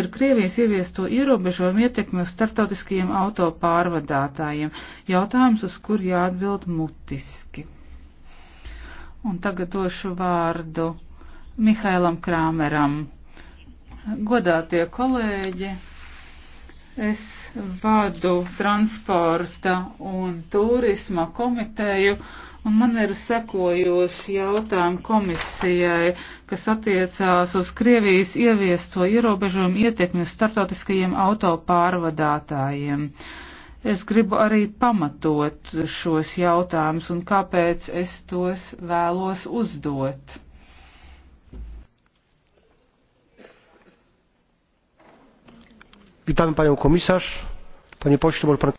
ir Krievijas ieviesto ierobežojumu ietekmi uz starptautiskajiem auto pārvadātājiem. Jautājums, uz kur jāatbild mutiski. Un tagad došu vārdu Mihailam Krāmeram. Godātie kolēģi! Es vadu transporta un turisma komiteju, un man ir sekojoši jautājumi komisijai, kas attiecās uz Krievijas ieviesto ierobežojumu ietekmi uz startautiskajiem autopārvadātājiem. Es gribu arī pamatot šos jautājumus un kāpēc es tos vēlos uzdot. witamy panią komisarz panie pośle może pan.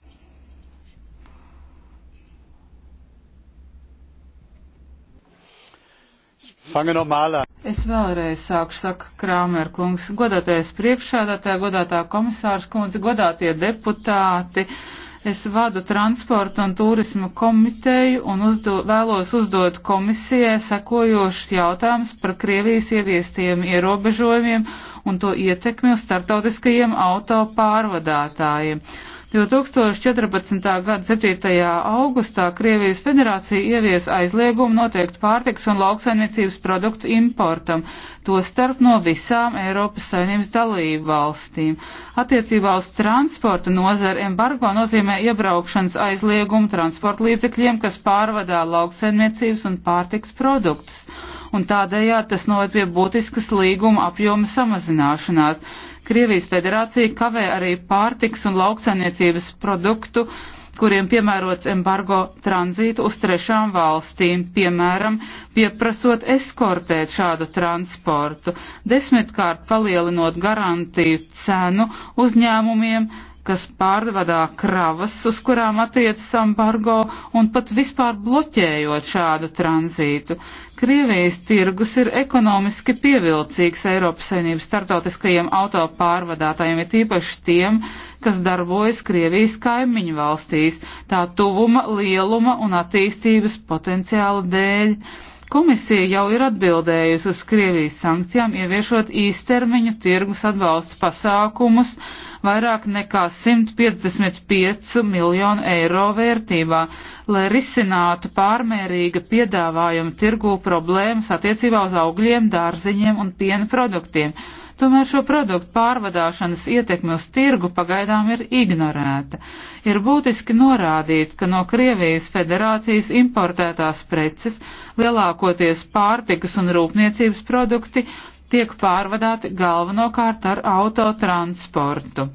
Es vēlreiz sāku, saka Krāmer kungs, godātais priekšādātāja, godātā komisārs kundze, godātie deputāti. Es vadu transporta un turisma komiteju un uzdo, vēlos uzdot komisijai sekojošus jautājumus par Krievijas ieviestiem ierobežojumiem un to ietekmi uz starptautiskajiem auto pārvadātājiem. 2014. gada 7. augustā Krievijas federācija ievies aizliegumu noteiktu pārtiks un lauksaimniecības produktu importam, to starp no visām Eiropas saimnības dalību valstīm. Attiecībā uz transporta nozaru embargo nozīmē iebraukšanas aizliegumu transporta līdzekļiem, kas pārvadā lauksaimniecības un pārtiks produktus un tādējādi tas noved pie būtiskas līguma apjoma samazināšanās. Krievijas federācija kavē arī pārtiks un lauksainiecības produktu, kuriem piemērots embargo tranzītu uz trešām valstīm, piemēram, pieprasot eskortēt šādu transportu, desmitkārt palielinot garantiju cenu uzņēmumiem, kas pārvadā kravas, uz kurām attiecas embargo, un pat vispār bloķējot šādu tranzītu. Krievijas tirgus ir ekonomiski pievilcīgs Eiropas Savienības startautiskajiem autopārvadātājiem, ir tīpaši tiem, kas darbojas Krievijas kaimiņu valstīs, tā tuvuma, lieluma un attīstības potenciāla dēļ Komisija jau ir atbildējusi uz Krievijas sankcijām, ieviešot īstermiņa tirgus atbalsta pasākumus vairāk nekā 155 miljonu eiro vērtībā, lai risinātu pārmērīga piedāvājuma tirgū problēmas attiecībā uz augļiem, dārziņiem un piena produktiem Tomēr šo produktu pārvadāšanas ietekme uz tirgu pagaidām ir ignorēta. Ir būtiski norādīt, ka no Krievijas federācijas importētās preces, lielākoties pārtikas un rūpniecības produkti, tiek pārvadāti galvenokārt ar autotransportu.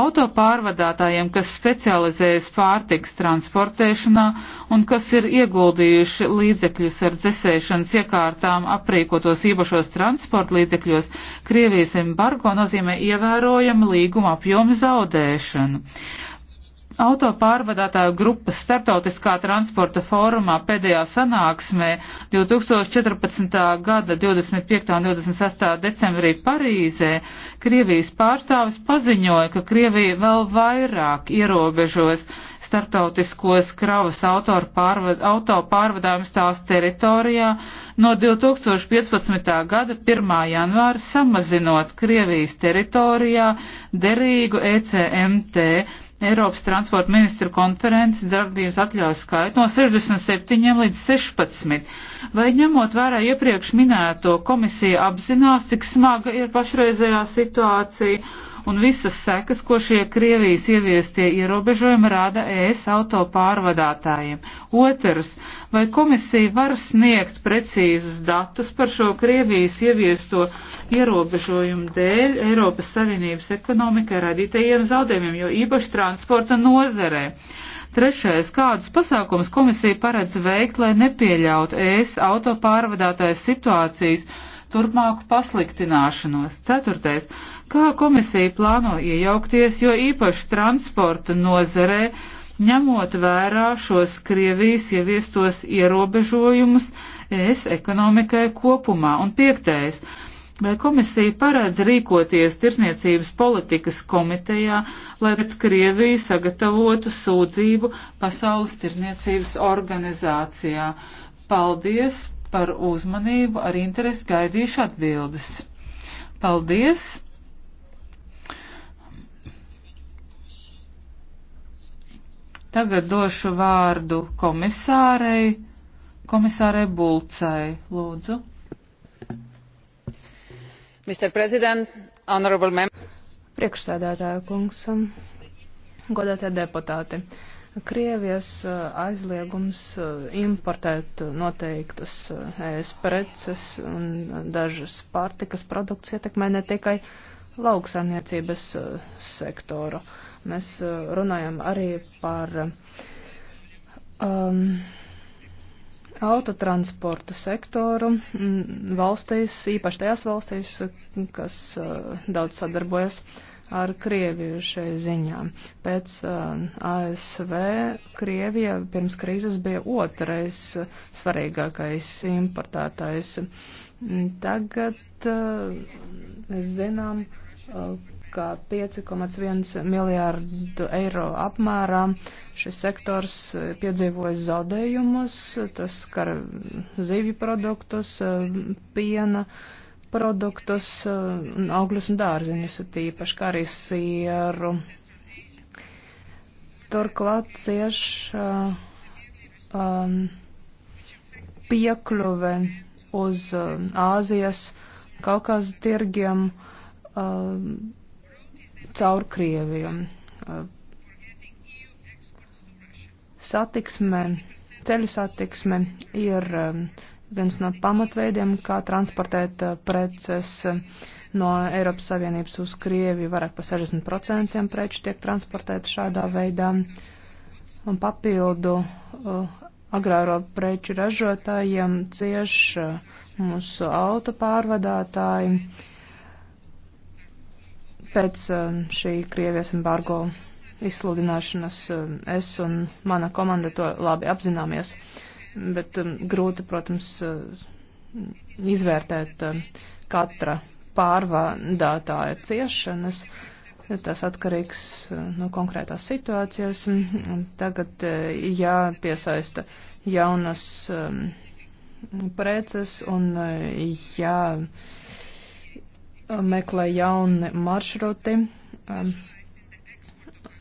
Autopārvadātājiem, kas specializējas pārtiks transportēšanā un kas ir ieguldījuši līdzekļus ar dzesēšanas iekārtām aprīkotos īpašos transporta līdzekļos, Krievijas embargo nozīmē ievērojama līguma apjoma zaudēšanu. Autopārvadātāju grupas starptautiskā transporta fórumā pēdējā sanāksmē 2014. gada 25. un 26. decembrī Parīzē Krievijas pārstāvis paziņoja, ka Krievija vēl vairāk ierobežos starptautiskos kravas pārvad, auto pārvadājumus tās teritorijā no 2015. gada 1. janvāra samazinot Krievijas teritorijā derīgu ECMT Eiropas transporta ministru konferences darbības atļaujas skaitu no 67 līdz 16. Vai ņemot vērā iepriekš minēto, komisija apzinās, cik smaga ir pašreizējā situācija un visas sekas, ko šie Krievijas ieviestie ierobežojumi rāda ES auto pārvadātājiem. Otrs, vai komisija var sniegt precīzus datus par šo Krievijas ieviesto ierobežojumu dēļ Eiropas Savienības ekonomikai radītajiem zaudējumiem, jo īpaši transporta nozerē? Trešais, kādus pasākumus komisija paredz veikt, lai nepieļautu ES autopārvadātājas situācijas, turpmāku pasliktināšanos. Ceturtais, kā komisija plāno iejaukties, jo īpaši transporta nozarē, ņemot vērā šos Krievijas ieviestos ierobežojumus es ekonomikai kopumā. Un piektais, Vai komisija paredz rīkoties tirsniecības politikas komitejā, lai pret Krieviju sagatavotu sūdzību Pasaules tirsniecības organizācijā? Paldies par uzmanību, ar interesi gaidīšu atbildes. Paldies! Tagad došu vārdu komisārei, komisārei Bulcai, lūdzu. Mr. President, honorable members. Priekšsēdētāja kungs, godātie deputāti. Uh, Krievijas eh, aizliegums eh, importēt noteiktas ES eh, preces un dažas pārtikas produkts ietekmē ne tikai lauksaimniecības sektoru. Mēs runājam arī par um, autotransporta sektoru mm, valstīs, īpaši tajās valstīs, kas uh, daudz sadarbojas uh, ar Krieviju šai ziņā. Pēc uh, ASV Krievija pirms krīzes bija otrais uh, svarīgākais importētājs. Tagad uh, zinām, uh, ka 5,1 miljārdu eiro apmērā šis sektors piedzīvoja zaudējumus, tas skar zivju produktus, uh, piena. Uh, produktus, um, augļus un dārziņus, tīpaši kā arī sieru. Turklāt cieš uh, um, piekļuve uz um, Āzijas, Kaukās tirgiem um, caur Krieviju. Uh, satiksme, ceļu satiksme ir um, viens no pamatveidiem, kā transportēt eh, preces eh, no Eiropas Savienības uz Krieviju. Vairāk par 60% preču tiek transportēta šādā veidā. Un papildu uh, agrāro preču ražotājiem cieš uh, mūsu autopārvadātāji pēc uh, šī Krievijas embargo izsludināšanas. Es un mana komanda to labi apzināmies. Uh, bet um, grūti, protams, uh, izvērtēt um, katra pārvadātāja ciešanas. Tas atkarīgs uh, no konkrētās situācijas. Tagad uh, jāpiesaista jaunas um, preces un jāmeklē jauni maršruti. Um,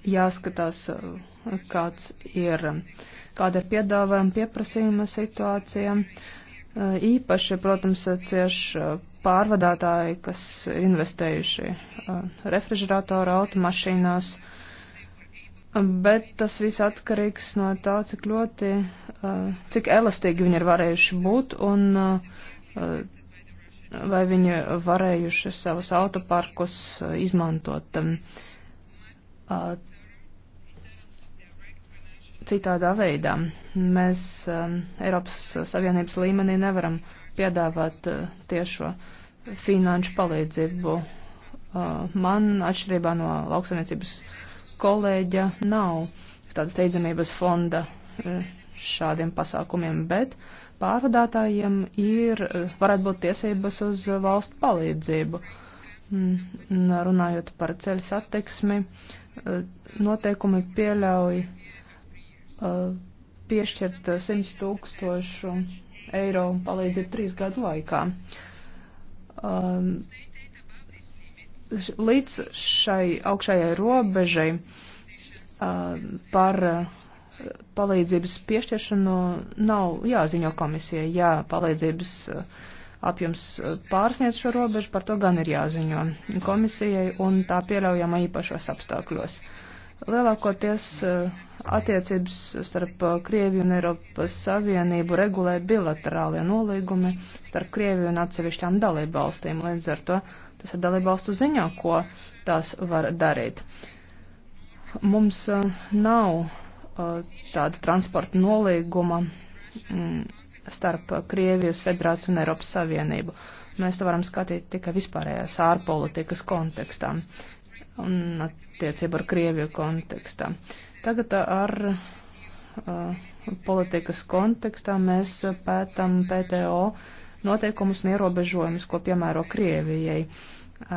jāskatās, kāds ir uh, kāda ir piedāvājuma pieprasījuma situācija. Eh, īpaši, protams, cieši eh, pārvadātāji, kas investējuši eh, refrižerātora automašīnās, bet tas viss atkarīgs no tā, cik ļoti, cik elastīgi viņi ir varējuši būt un vai viņi varējuši savus autoparkus izmantot citādā veidā. Mēs um, Eiropas Savienības līmenī nevaram piedāvāt uh, tiešo finanšu palīdzību. Uh, man, atšķirībā no lauksaimniecības kolēģa, nav tādas steidzamības fonda uh, šādiem pasākumiem, bet pārvadātājiem ir, uh, varētu būt tiesības uz valstu palīdzību. Mm, runājot par ceļu satiksmi, uh, noteikumi pieļauj Uh, piešķirt 100 uh, tūkstošu eiro palīdzību trīs gadu laikā. Um, līdz šai augšējai robežai uh, par palīdzības piešķiršanu nav jāziņo komisijai. Jā, palīdzības apjoms pārsniedz šo robežu, par to gan ir jāziņo komisijai un tā pieļaujama īpašos apstākļos. Uh, Lielākoties eh, attiecības starp eh, Krieviju un Eiropas Savienību regulē bilaterālie nolīgumi starp Krieviju un atsevišķām dalībvalstīm. Līdz ar to tas ir dalībvalstu ziņā, ko tās var darīt. Mums eh, nav tāda transporta nolīguma mm, starp Krievijas federāciju un Eiropas Savienību. Mēs to varam skatīt tikai vispārējās ārpolitikas kontekstā un attiecību ar Krieviju kontekstā. Tagad ar uh, politikas kontekstā mēs pētam PTO noteikumus un ierobežojumus, ko piemēro Krievijai, uh,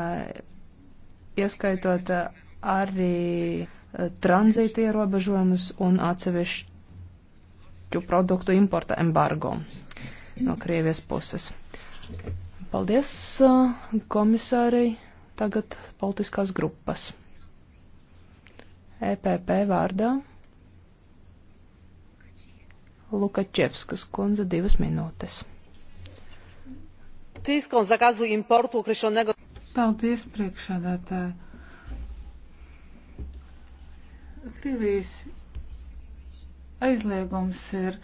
ieskaitot arī uh, tranzīta ierobežojumus un atsevišķu produktu importa embargo no Krievijas puses. Paldies uh, komisārei. Tagad politiskās grupas. EPP vārdā Lukačevskas kundze divas minūtes. Paldies, priekšādātāji. Krievijas aizliegums ir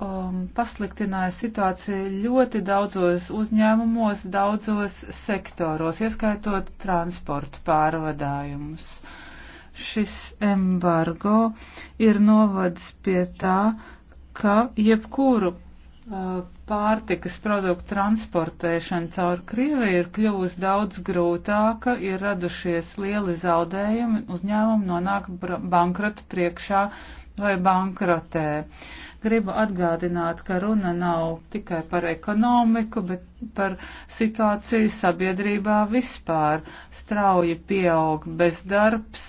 um, pasliktināja situāciju ļoti daudzos uzņēmumos, daudzos sektoros, ieskaitot transportu pārvadājumus. Šis embargo ir novadis pie tā, ka jebkuru uh, pārtikas produktu transportēšana caur Krieviju ir kļuvusi daudz grūtāka, ir radušies lieli zaudējumi, uzņēmumi nonāk bankrota priekšā vai bankrotē. Uh, Gribu atgādināt, ka runa nav tikai par ekonomiku, bet par situāciju sabiedrībā vispār. Strauji pieaug bezdarbs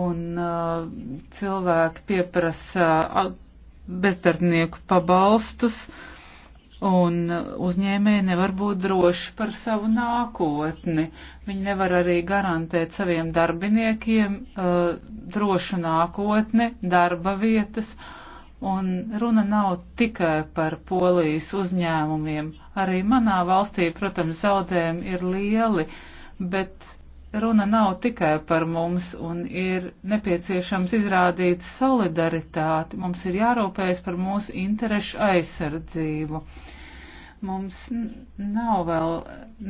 un uh, cilvēki pieprasa uh, bezdarbnieku pabalstus. Un uh, uzņēmēji nevar būt droši par savu nākotni. Viņi nevar arī garantēt saviem darbiniekiem uh, drošu nākotni, darba vietas Un runa nav tikai par polijas uzņēmumiem. Arī manā valstī, protams, zaudējumi ir lieli, bet runa nav tikai par mums un ir nepieciešams izrādīt solidaritāti. Mums ir jārūpējas par mūsu interešu aizsardzību. Mums nav vēl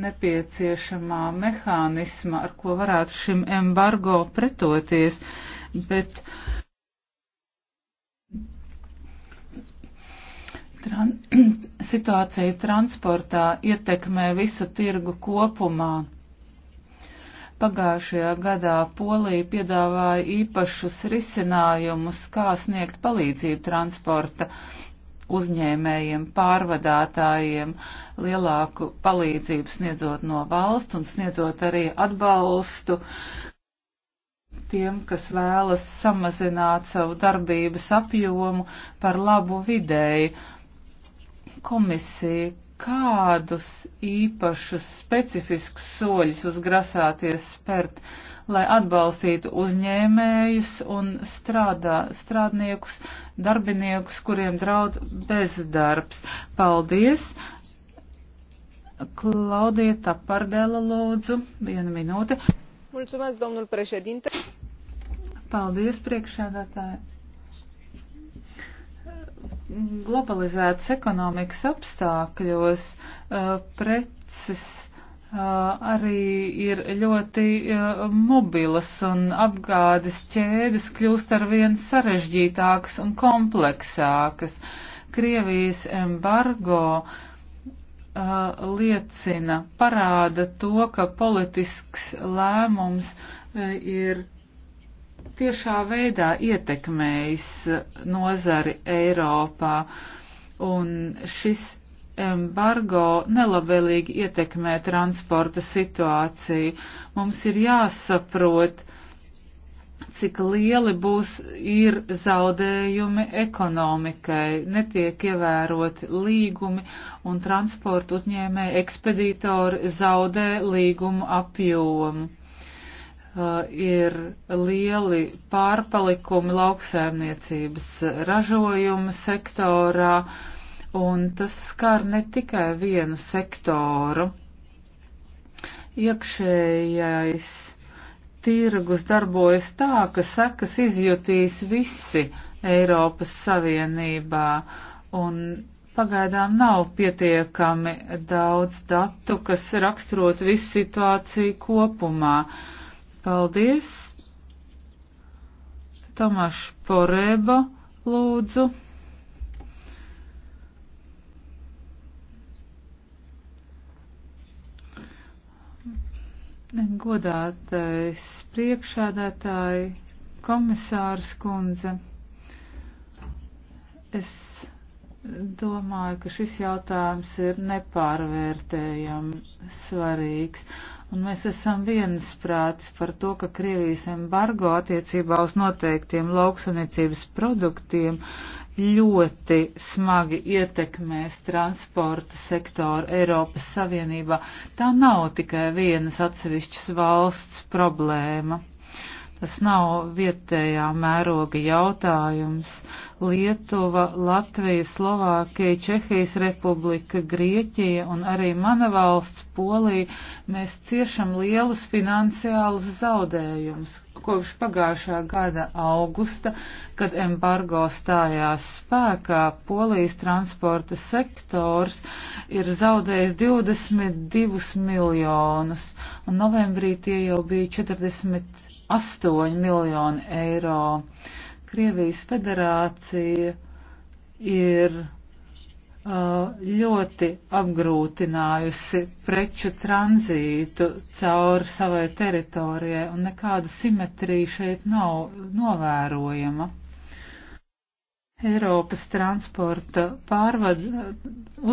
nepieciešamā mehānisma, ar ko varētu šim embargo pretoties, bet. Tran situācija transportā ietekmē visu tirgu kopumā. Pagājušajā gadā Polija piedāvāja īpašus risinājumus, kā sniegt palīdzību transporta uzņēmējiem, pārvadātājiem, lielāku palīdzību sniedzot no valsts un sniedzot arī atbalstu tiem, kas vēlas samazināt savu darbības apjomu par labu vidēji komisija kādus īpašus specifiskus soļus jūs grasāties spērt, lai atbalstītu uzņēmējus un strādā, strādniekus, darbiniekus, kuriem draud bezdarbs. Paldies! Klaudija Tapardela lūdzu, viena minūte. Mulțumesc, domnul președinte. Paldies, priekšādātāji globalizētas ekonomikas apstākļos preces arī ir ļoti mobilas un apgādes ķēdes kļūst arvien sarežģītākas un kompleksākas. Krievijas embargo liecina, parāda to, ka politisks lēmums ir tiešā veidā ietekmējis nozari Eiropā, un šis embargo nelabvēlīgi ietekmē transporta situāciju. Mums ir jāsaprot, cik lieli būs ir zaudējumi ekonomikai, netiek ievēroti līgumi un transporta uzņēmēji ekspedītori zaudē līgumu apjomu. Uh, ir lieli pārpalikumi lauksēmniecības ražojuma sektorā, un tas skar ne tikai vienu sektoru. Iekšējais tirgus darbojas tā, ka sekas izjutīs visi Eiropas Savienībā, un pagaidām nav pietiekami daudz datu, kas raksturot visu situāciju kopumā. Uh, Paldies. Tomaš Poreba, lūdzu. Godātais priekšādātāji, komisārs kundze, es domāju, ka šis jautājums ir nepārvērtējami svarīgs un mēs esam viensprāts par to, ka Krievijas embargo attiecībā uz noteiktiem lauksaimniecības produktiem ļoti smagi ietekmēs transporta sektoru Eiropas Savienībā. Tā nav tikai vienas atsevišķas valsts problēma. Tas nav vietējā mēroga jautājums. Uh, Lietuva, Latvija, Slovākija, Čehijas republika, Grieķija un arī mana valsts Polija, mēs ciešam lielus finansiālus zaudējumus kopš pagājušā gada augusta, kad embargo stājās spēkā, Polijas transporta sektors ir zaudējis 22 miljonus, un novembrī tie jau bija 48 miljoni eiro. Uh, Krievijas federācija ir ļoti apgrūtinājusi preču tranzītu cauri savai teritorijai, un nekāda simetrija šeit nav novērojama. Eiropas transporta pārvad,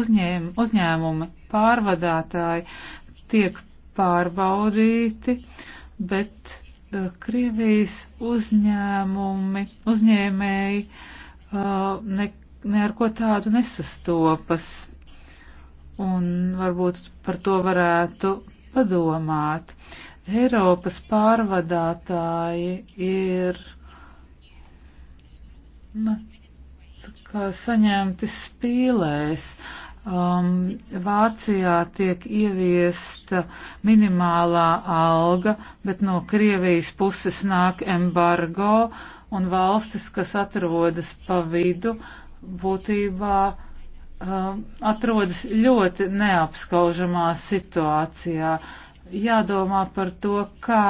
uzņēm, uzņēmumi pārvadātāji tiek pārbaudīti, bet Krievijas uzņēmumi, uzņēmēji ne, ne ar ko tādu nesastopas. Un varbūt par to varētu padomāt. Eiropas pārvadātāji ir na, nu, kā saņemti spīlēs. Uh, um, Vācijā tiek ieviesta minimālā alga, bet no Krievijas puses nāk embargo un valstis, kas atrodas pa vidu, būtībā um, atrodas ļoti neapskaužamā situācijā. Jādomā par to, kā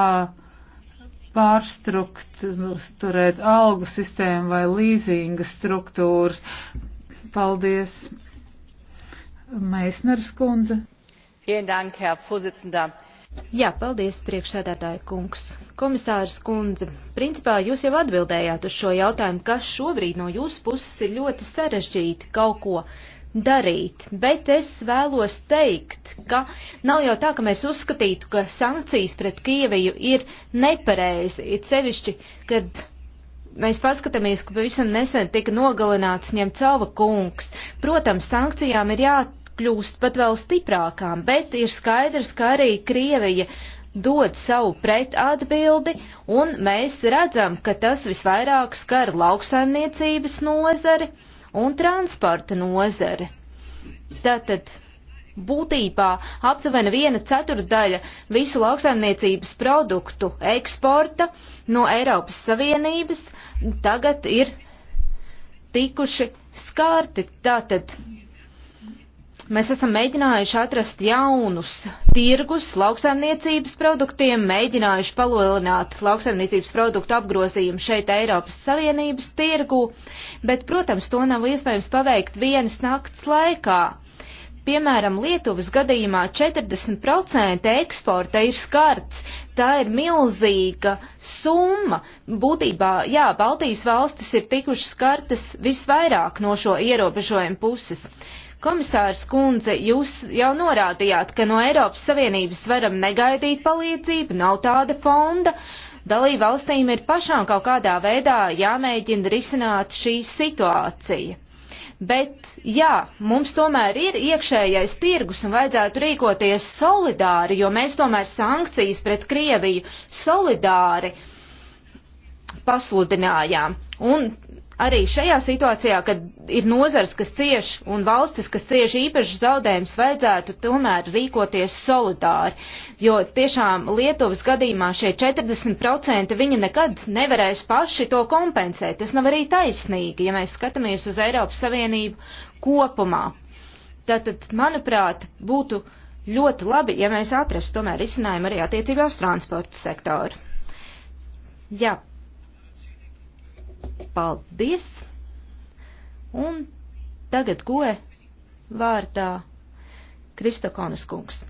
pārstrukturēt algu sistēmu vai līzinga struktūras. Paldies! Meisners kundze. Dank, Jā, paldies, priekšsēdētāja kungs. Komisārs kundze, principā jūs jau atbildējāt uz šo jautājumu, kas šobrīd no jūsu puses ir ļoti sarežģīti kaut ko darīt, bet es vēlos teikt, ka nav jau tā, ka mēs uzskatītu, ka sankcijas pret Krieviju ir nepareizi, it sevišķi, kad mēs paskatāmies, ka pavisam nesen tika nogalināts ņemcava kungs. Protams, sankcijām ir jāatbalsta kļūst pat vēl stiprākām, bet ir skaidrs, ka arī Krievija dod savu pretatbildi, un mēs redzam, ka tas visvairāk skar lauksaimniecības nozari un transporta nozari. Tātad būtībā aptuveni viena ceturdaļa visu lauksaimniecības produktu eksporta no Eiropas Savienības tagad ir tikuši skārti. Tātad Mēs esam mēģinājuši atrast jaunus tirgus lauksaimniecības produktiem, mēģinājuši palielināt lauksaimniecības produktu apgrozījumu šeit Eiropas Savienības tirgu, bet, protams, to nav iespējams paveikt vienas nakts laikā. Piemēram, Lietuvas gadījumā 40% eksporta ir skarts. Tā ir milzīga summa. Būtībā, jā, Baltijas valstis ir tikušas skartas visvairāk no šo ierobežojumu puses. Komisārs Kundze, jūs jau norādījāt, ka no Eiropas Savienības varam negaidīt palīdzību, nav tāda fonda. Dalību valstīm ir pašām kaut kādā veidā jāmēģina risināt šī situācija. Bet jā, mums tomēr ir iekšējais tirgus un vajadzētu rīkoties solidāri, jo mēs tomēr sankcijas pret Krieviju solidāri pasludinājām. Un arī šajā situācijā, kad ir nozars, kas cieš un valstis, kas cieš īpašas zaudējumus, vajadzētu tomēr rīkoties solidāri, jo tiešām Lietuvas gadījumā šie 40% viņi nekad nevarēs paši to kompensēt. Tas nav arī taisnīgi, ja mēs skatāmies uz Eiropas Savienību kopumā. Tātad, manuprāt, būtu ļoti labi, ja mēs atrastu tomēr risinājumu arī attiecībā uz transporta sektoru. Jā, Paldies! Un tagad goe vārdā Kristokonas kungs.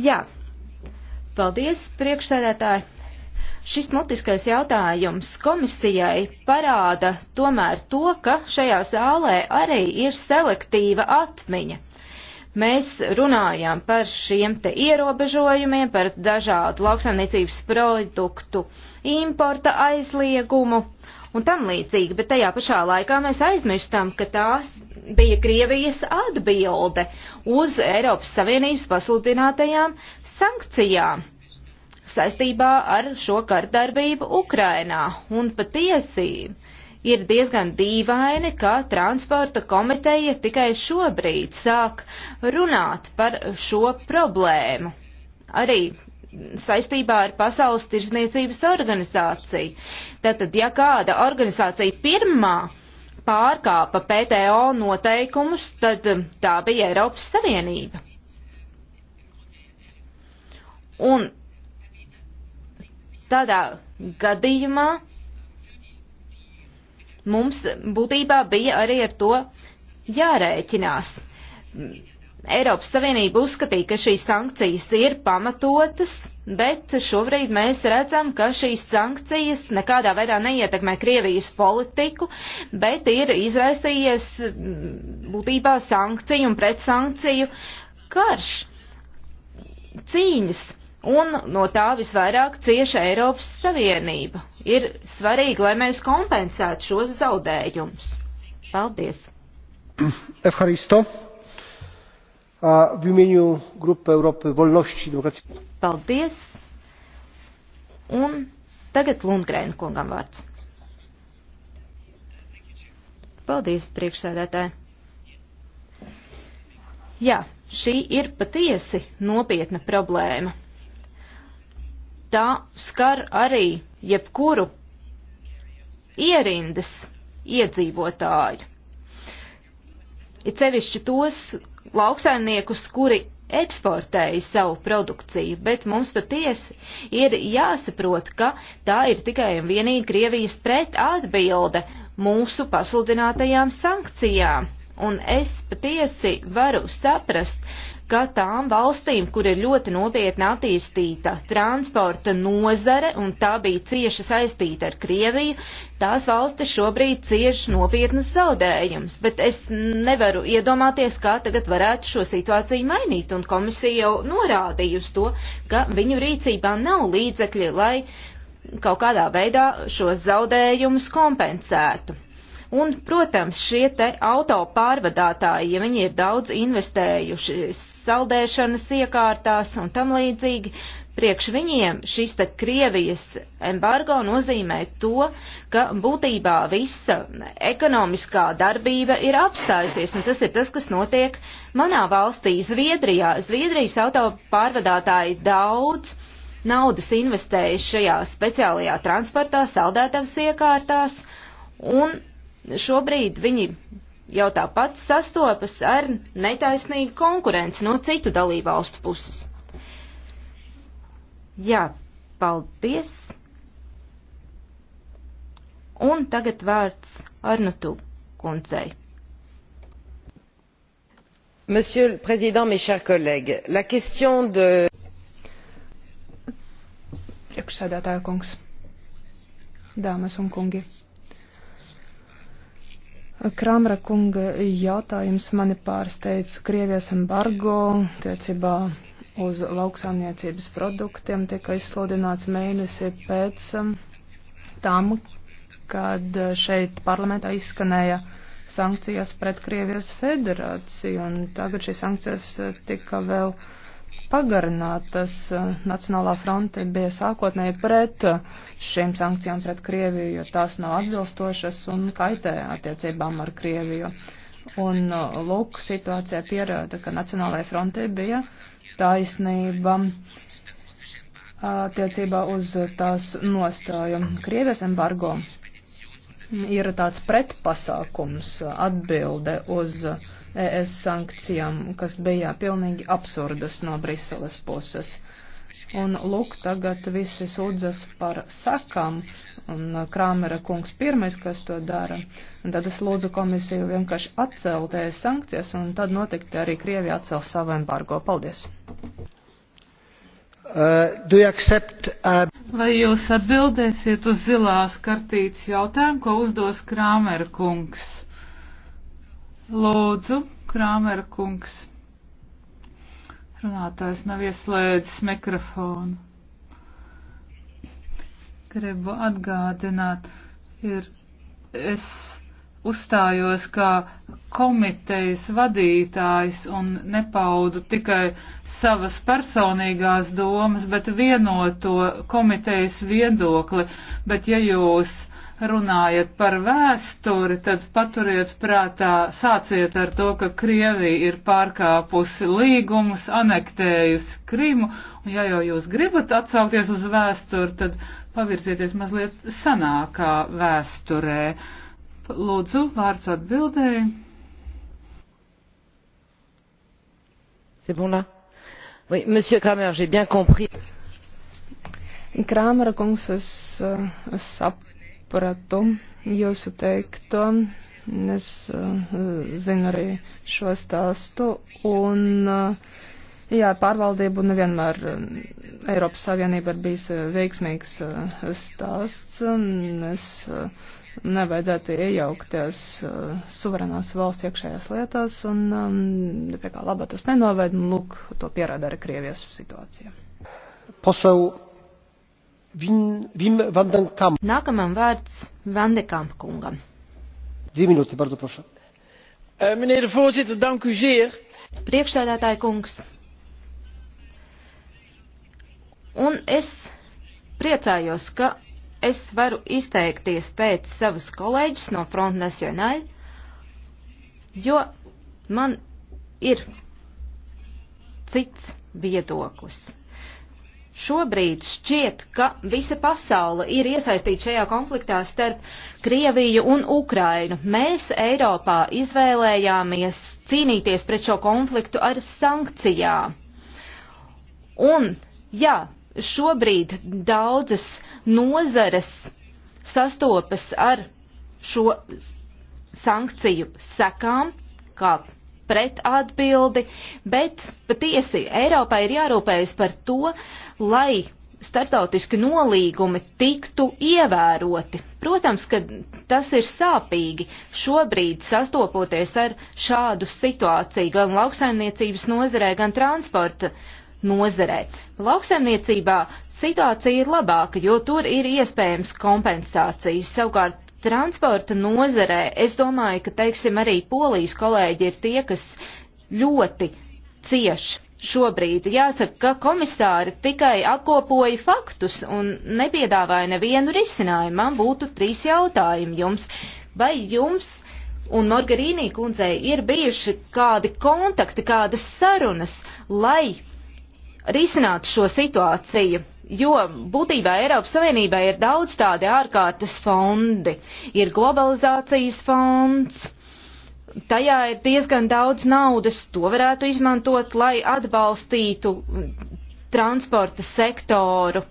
Jā, paldies priekšsēdētāji. Šis mutiskais jautājums komisijai parāda tomēr to, ka šajā zālē arī ir selektīva atmiņa mēs runājām par šiem te ierobežojumiem, par dažādu lauksaimniecības produktu importa aizliegumu un tam līdzīgi, bet tajā pašā laikā mēs aizmirstam, ka tās bija Krievijas atbilde uz Eiropas Savienības pasludinātajām sankcijām saistībā ar šo kardarbību Ukrainā. Un patiesi ir diezgan dīvaini, ka transporta komiteja tikai šobrīd sāk runāt par šo problēmu. Arī saistībā ar Pasaules tirzniecības organizāciju. Tātad, ja kāda organizācija pirmā pārkāpa PTO noteikumus, tad tā bija Eiropas Savienība. Un tādā gadījumā mums būtībā bija arī ar to jārēķinās. Eiropas Savienība uzskatīja, ka šīs sankcijas ir pamatotas, bet šobrīd mēs redzam, ka šīs sankcijas nekādā veidā neietekmē Krievijas politiku, bet ir izraisījies mm, būtībā sankciju un pretsankciju karš, cīņas Un no tā visvairāk cieša Eiropas Savienība. Ir svarīgi, lai mēs kompensētu šos zaudējumus. Paldies! Evharisto, v imieniu Grupa Europa Volnošķi Demokracija. Paldies! Un tagad Lundgrēna kungam vārds. Paldies, priekšsēdētāji! Jā, šī ir patiesi nopietna problēma tā skar arī jebkuru ierindas iedzīvotāju. Ir sevišķi tos lauksaimniekus, kuri eksportēja savu produkciju, bet mums patiesi ir jāsaprot, ka tā ir tikai un vienīgi Krievijas pret atbilde mūsu pasludinātajām sankcijām. Un es patiesi varu saprast, ka tām valstīm, kur ir ļoti nopietni attīstīta transporta nozare, un tā bija cieši saistīta ar Krieviju, tās valstis šobrīd cieš nopietnus zaudējumus. Bet es nevaru iedomāties, kā tagad varētu šo situāciju mainīt, un komisija jau norādījusi to, ka viņu rīcībā nav līdzekļi, lai kaut kādā veidā šos zaudējumus kompensētu. Un, protams, šie te auto pārvadātāji, ja viņi ir daudz investējuši saldēšanas iekārtās un tam līdzīgi, priekš viņiem šis te Krievijas embargo nozīmē to, ka būtībā visa ekonomiskā darbība ir apstājusies, un tas ir tas, kas notiek manā valstī, Zviedrijā. Zviedrijas auto pārvadātāji daudz naudas investējuši šajā speciālajā transportā, saldētavas iekārtās, un šobrīd viņi jau tāpat sastopas ar netaisnīgu konkurenci no citu dalībvalstu puses. Jā, paldies. Un tagad vārds Arnatu kundzei. Monsieur le Président, mes chers collègues, la question de. Priekšsēdētāja kungs, dāmas un kungi. Kramra kunga jautājums mani pārsteidz Krievijas embargo tiecībā uz lauksaimniecības produktiem tika izsludināts mēnesi pēc um, tam, kad šeit parlamentā izskanēja sankcijas pret Krievijas federāciju, un tagad šīs sankcijas tika vēl uh, pagarinātas. Uh, nacionālā fronte bija sākotnēji pret uh, šīm sankcijām pret Krieviju, jo tās nav atbilstošas un kaitē attiecībām ar Krieviju. Un uh, lūk, situācija pierāda, ka Nacionālajai frontei bija taisnība attiecībā uz tās nostāju. Krievijas embargo ir tāds pretpasākums atbilde uz. Uh, ES sankcijām, kas bija pilnīgi absurdas no Briseles puses. Un lūk, tagad visi sūdzas par sakām, un Krāmera kungs pirmais, kas to dara. Un tad es lūdzu komisiju vienkārši atcelt ES sankcijas, un tad noteikti arī Krievija atcel savu embargo. Paldies! Uh, accept, uh... Vai jūs atbildēsiet uz zilās kartītes jautājumu, ko uzdos Krāmera kungs? Lūdzu, Krāmera kungs. Runātājs nav ieslēdzis mikrofonu. Gribu atgādināt, ir es uzstājos kā komitejas vadītājs un nepaudu tikai savas personīgās domas, bet vienoto komitejas viedokli. Bet ja jūs runājat par vēsturi, tad paturiet prātā, sāciet ar to, ka Krievija ir pārkāpusi līgumus, anektējusi Krimu, un ja jau jūs gribat atsaukties uz vēsturi, tad pavirzieties mazliet sanākā vēsturē. Lūdzu, vārds atbildēji. C'est bon là Oui, monsieur Kramer, j'ai bien compris. Krāmera kungs, es, es saprotu sapratu jūsu teikto. Es uh, zinu arī šo stāstu. Un, uh, jā, pārvaldību nevienmēr eh, Eiropas Savienība ir bijis veiksmīgs uh, stāsts. Es uh, nevajadzētu iejaukties uh, suverenās valsts iekšējās lietās, un um, pie kā laba tas nenoved, un lūk, to pierāda arī Krievijas situācija. Posau Vin, Vim Vandenkamp. Nākamam vārds Vandenkamp kungam. Divi minūti, bardzo prošu. Eh, meneer de voorzitter, dank u zeer. Priekšsēdētāji kungs. Un es priecājos, ka es varu izteikties pēc savas kolēģis no Front National, jo man ir cits viedoklis. Šobrīd šķiet, ka visa pasaule ir iesaistīta šajā konfliktā starp Krieviju un Ukrainu. Mēs Eiropā izvēlējāmies cīnīties pret šo konfliktu ar sankcijām. Un, jā, šobrīd daudzas nozares sastopas ar šo sankciju sekām, kā pret atbildi, bet patiesi Eiropai ir jārūpējas par to, lai starptautiski nolīgumi tiktu ievēroti. Protams, ka tas ir sāpīgi šobrīd sastopoties ar šādu situāciju gan lauksaimniecības nozarē, gan transporta nozarē. Lauksaimniecībā situācija ir labāka, jo tur ir iespējams kompensācijas. Savukārt Transporta nozarē es domāju, ka, teiksim, arī polijas kolēģi ir tie, kas ļoti cieš šobrīd. Jāsaka, ka komisāri tikai apkopoja faktus un nepiedāvāja nevienu risinājumu. Man būtu trīs jautājumi jums. Vai jums un Margarīnī kundzei ir bijuši kādi kontakti, kādas sarunas, lai risinātu šo situāciju? Jo būtībā Eiropas Savienībā ir daudz tādi ārkārtas fondi. Ir globalizācijas fonds, tajā ir diezgan daudz naudas, to varētu izmantot, lai atbalstītu transporta sektoru.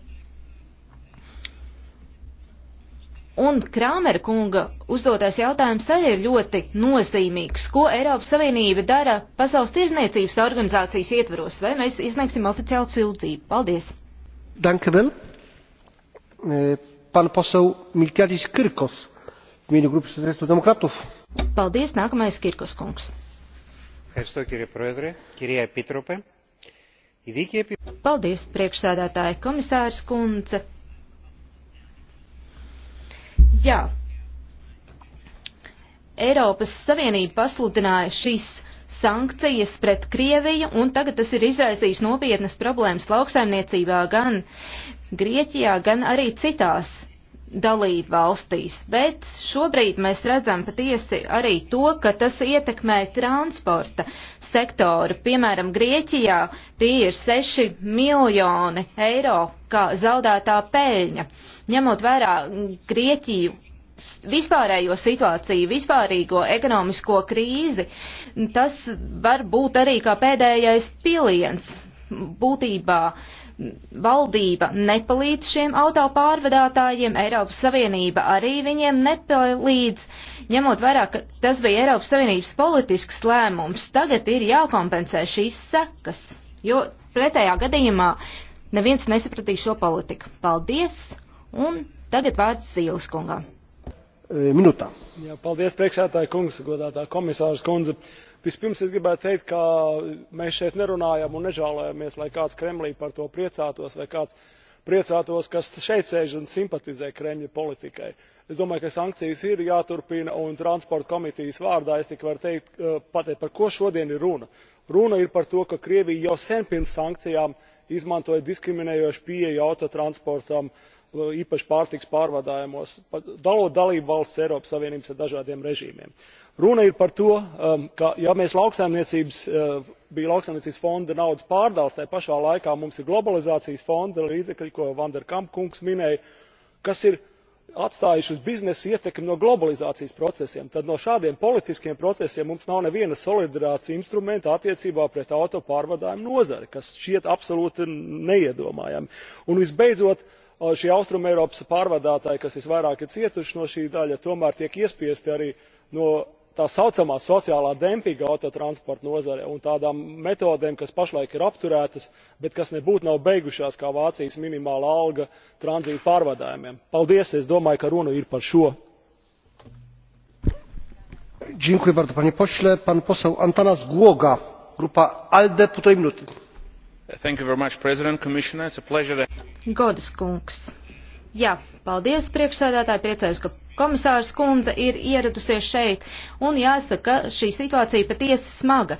Un Krāmera kunga uzdotais jautājums arī ir ļoti nozīmīgs. Ko Eiropas Savienība dara Pasaules tirzniecības organizācijas ietvaros? Vai mēs izniegsim oficiālu sūdzību? Paldies! Eh, pan poseu Miltiadis Kirkos, mīļu grupas sociālistu demokrātu. Paldies, nākamais Kirkos kungs. Paldies, priekšsēdētāji komisārs kundze. Jā, Eiropas Savienība pasludināja šīs sankcijas pret Krieviju, un tagad tas ir izraisījis nopietnas problēmas lauksaimniecībā gan Grieķijā, gan arī citās dalību valstīs. Bet šobrīd mēs redzam patiesi arī to, ka tas ietekmē transporta sektoru. Piemēram, Grieķijā tie ir 6 miljoni eiro kā zaudētā peļņa. Ņemot vērā Grieķiju vispārējo situāciju, vispārīgo ekonomisko krīzi, tas var būt arī kā pēdējais piliens. Būtībā valdība nepalīdz šiem autopārvadātājiem, Eiropas Savienība arī viņiem nepalīdz, ņemot vērā, ka tas bija Eiropas Savienības politisks lēmums. Tagad ir jākompensē šīs sekas, jo pretējā gadījumā neviens nesapratīs šo politiku. Paldies! Un tagad vārds Zīles kungam. Eh, priekšsēdētāja kungs godātā komisāres kundze vispirms es gribētu teikt ka mēs šeit nerunājam un nežēlojamies lai kāds kremlī par to priecātos vai kāds priecātos kas šeit sēž un simpatizē kremļa politikai. es domāju ka sankcijas ir jāturpina un transporta komitejas vārdā es tikai varu eh, pateikt par ko šodien ir runa. runa ir par to ka krievija jau sen pirms sankcijām izmantoja diskriminējošu pieeju autotransportam Uh, īpaši pārtikas pārvadājumos dalot dalībvalstis eiropas savienības ar dažādiem režīmiem. runa ir par to um, ka ja mēs uh, bija lauksaimniecības fonda naudas pārdales tai pašā laikā mums ir globalizācijas fonda līdzekļi ko vanderkamp kungs minēja kas ir atstājuši uz biznesu ietekmi no globalizācijas procesiem tad no šādiem politiskiem procesiem mums nav neviena solidaritātes instrumenta attiecībā pret auto pārvadājumu nozari kas šķiet absolūti neiedomājami. un visbeidzot šie austrumeiropas pārvadātāji kas visvairāk ir cietuši no šī daļa tomēr tiek iespiesti arī no tā saucamā sociālā dempinga autotransporta nozarē un tādām metodēm kas pašlaik ir apturētas bet kas nebūtu nav beigušās kā vācijas minimālā alga tranzīta pārvadājumiem. paldies es domāju ka runa ir par šo. dziękuję bardzo panie pośle. pan poseł antanas głoga grupa alde półtorej minuty. Much, Godas kungs. Jā, paldies priekšsēdētāji, priecājos, ka komisārs kundze ir ieradusies šeit, un jāsaka, ka šī situācija patiesi smaga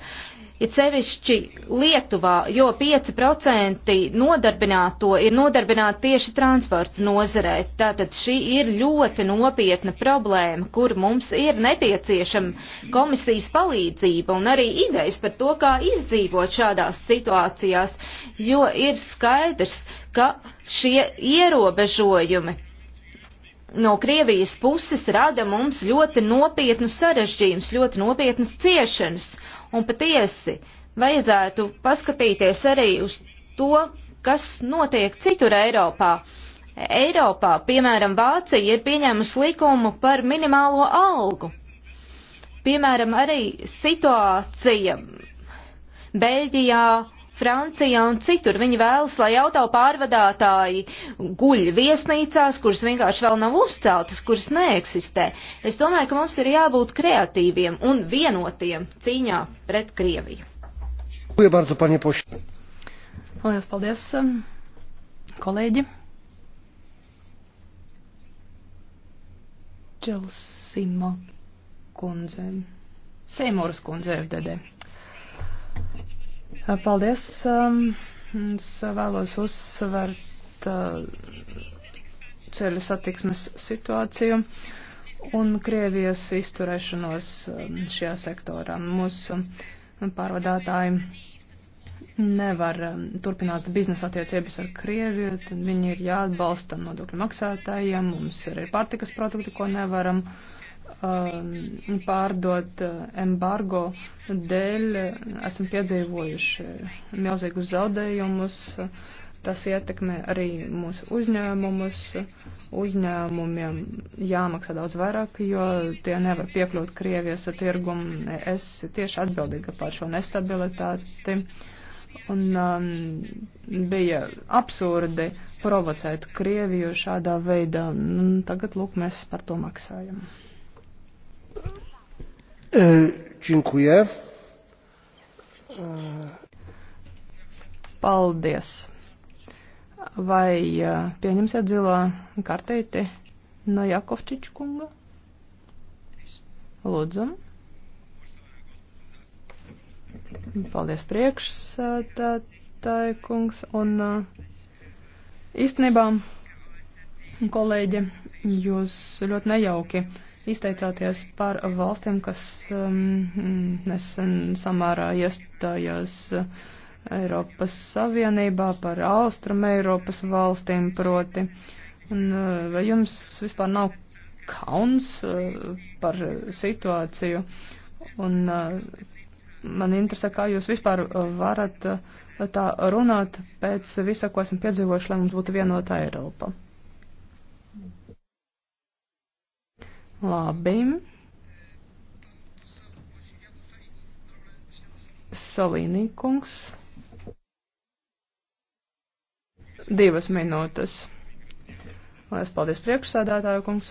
it sevišķi Lietuvā, jo 5% nodarbināto ir nodarbināti tieši transports nozarē. Tātad šī ir ļoti nopietna problēma, kur mums ir nepieciešama komisijas palīdzība un arī idejas par to, kā izdzīvot šādās situācijās, jo ir skaidrs, ka šie ierobežojumi no Krievijas puses rada mums ļoti nopietnu sarežģījumus, ļoti nopietnas ciešanas. Un patiesi vajadzētu paskatīties arī uz to, kas notiek citur Eiropā. Eiropā, piemēram, Vācija ir pieņēmusi likumu par minimālo algu. Piemēram, arī situācija Beļģijā, Francijā un citur. Viņi vēlas, lai auto pārvadātāji guļ viesnīcās, kuras vienkārši vēl nav uzceltas, kuras neeksistē. Es domāju, ka mums ir jābūt kreatīviem un vienotiem cīņā pret Krieviju. Lielas paldies, um, kolēģi. Čelsima kundze. Seimūras kundze FDD. Uh, paldies. Um, es vēlos uzsvert uh, ceļa satiksmes situāciju un Krievijas izturēšanos um, šajā sektorā. Mūsu pārvadātāji nevar um, turpināt biznesa attiecības ar Krieviju, tad viņi ir jāatbalsta nodokļu maksātājiem, mums ir pārtikas produkti, ko nevaram uh, Um, pārdot uh, embargo dēļ uh, esam piedzīvojuši milzīgus zaudējumus. Tas ietekmē arī mūsu uzņēmumus. Uzņēmumiem jāmaksā daudz vairāk, jo tie nevar piekļūt Krievijas tirgumu. Es tieši atbildīga par šo nestabilitāti. Un um, bija absurdi provocēt Krieviju šādā veidā. Un tagad, lūk, mēs par to maksājam. Činkuje. E, Paldies. Vai e, pieņemsiet zilo kartīti no Jakovčiča kunga? Lūdzu. Paldies priekšsētāji kungs un e, īstenībā, kolēģi, jūs ļoti nejauki izteicāties par valstiem, kas um, nesen samārā iestājās Eiropas Savienībā, par Austrum Eiropas valstīm proti. Un, uh, vai jums vispār nav kauns uh, par situāciju? Un uh, man interesē, kā jūs vispār varat uh, tā runāt pēc visa, ko esam piedzīvojuši, lai mums būtu vienota Eiropa. Labi. Salīnī kungs. Divas minūtes. Lielas paldies priekšsādātāju kungs.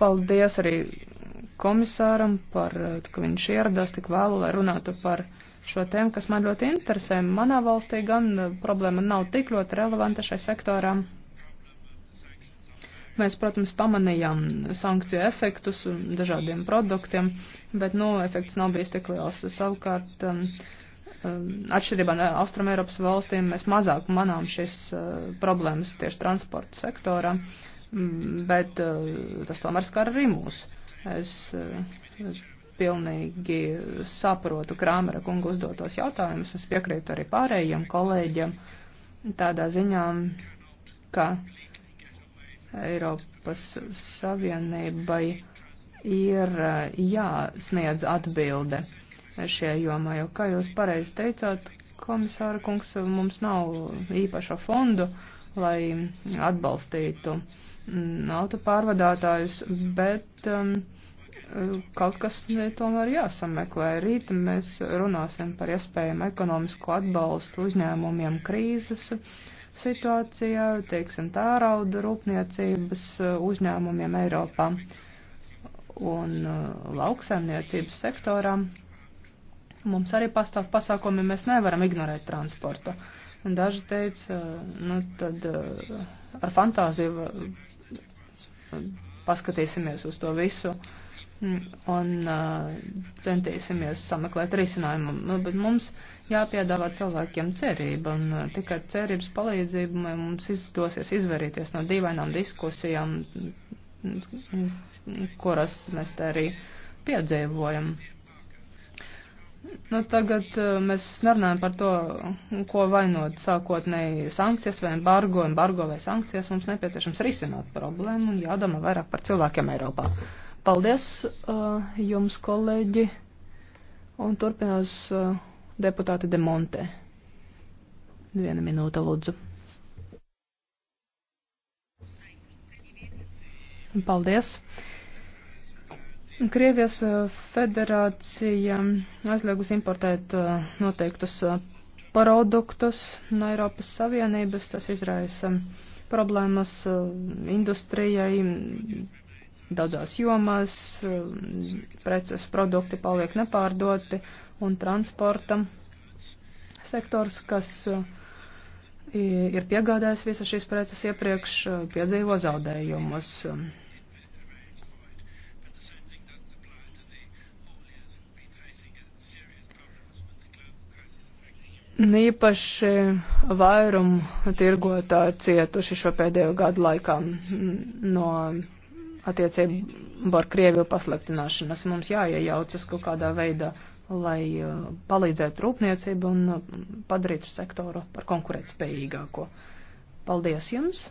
Paldies arī komisāram par, ka viņš ieradās tik vēlu, lai runātu par šo tēmu, kas man ļoti interesē. Manā valstī gan problēma nav tik ļoti relevanta šai sektoram Mēs, protams, pamanījām sankciju efektus dažādiem produktiem, bet, nu, efekts nav bijis tik liels. Savukārt, um, um, atšķirībā no Austrum Eiropas valstīm, mēs mazāk manām šīs uh, problēmas tieši transporta sektorā, mm, bet uh, tas tomēr skar arī mūs. Es uh, pilnīgi saprotu Krāmera kungu uzdotos jautājumus, es piekrītu arī pārējiem kolēģiem tādā ziņā, ka. Uh, Eiropas Savienībai ir jāsniedz atbilde šajā jomā, jo, kā jūs pareizi teicāt, komisāra kungs, mums nav īpaša fondu, lai atbalstītu mm, autopārvadātājus, bet um, kaut kas tomēr jāsameklē. Rīt mēs runāsim par iespējumu ekonomisko atbalstu uzņēmumiem krīzes uh, situācijā, teiksim, tārauda rūpniecības uh, uzņēmumiem Eiropā un uh, lauksaimniecības sektorā. Mums arī pastāv pasākumi, mēs nevaram ignorēt transportu. Daži teica, uh, nu tad ar fantāziju paskatīsimies uz to visu un centīsimies sameklēt risinājumu. Nu, bet mums uh, jāpiedāvā cilvēkiem cerība, un uh, tikai cerības palīdzību mums izdosies izvarīties no dīvainām diskusijām, kuras mēs te arī piedzīvojam. Nu, tagad uh, mēs nerunājam par to, ko vainot sākotnēji sankcijas vai embargo, embargo vai sankcijas. Mums nepieciešams risināt problēmu un jādomā vairāk par cilvēkiem Eiropā. Paldies uh, jums, kolēģi, un turpinās. Uh, deputāte De Monte. Viena minūte, lūdzu. Paldies. Krievijas eh, federācija aizliegus importēt eh, noteiktus eh, produktus no Eiropas Savienības. Tas izraisa problēmas industrijai daudzās jomās, preces produkti paliek nepārdoti, un transporta sektors, kas uh, ir piegādājis visas šīs preces iepriekš, uh, piedzīvo zaudējumus. Īpaši vairumu tirgotāji cietuši šo pēdējo gadu laikā no attiecību ar Krieviju pasliktināšanas. Mums jāiejaucas kaut kādā veidā lai uh, palīdzētu rūpniecību un uh, padarītu sektoru par konkurētspējīgāko. Paldies jums!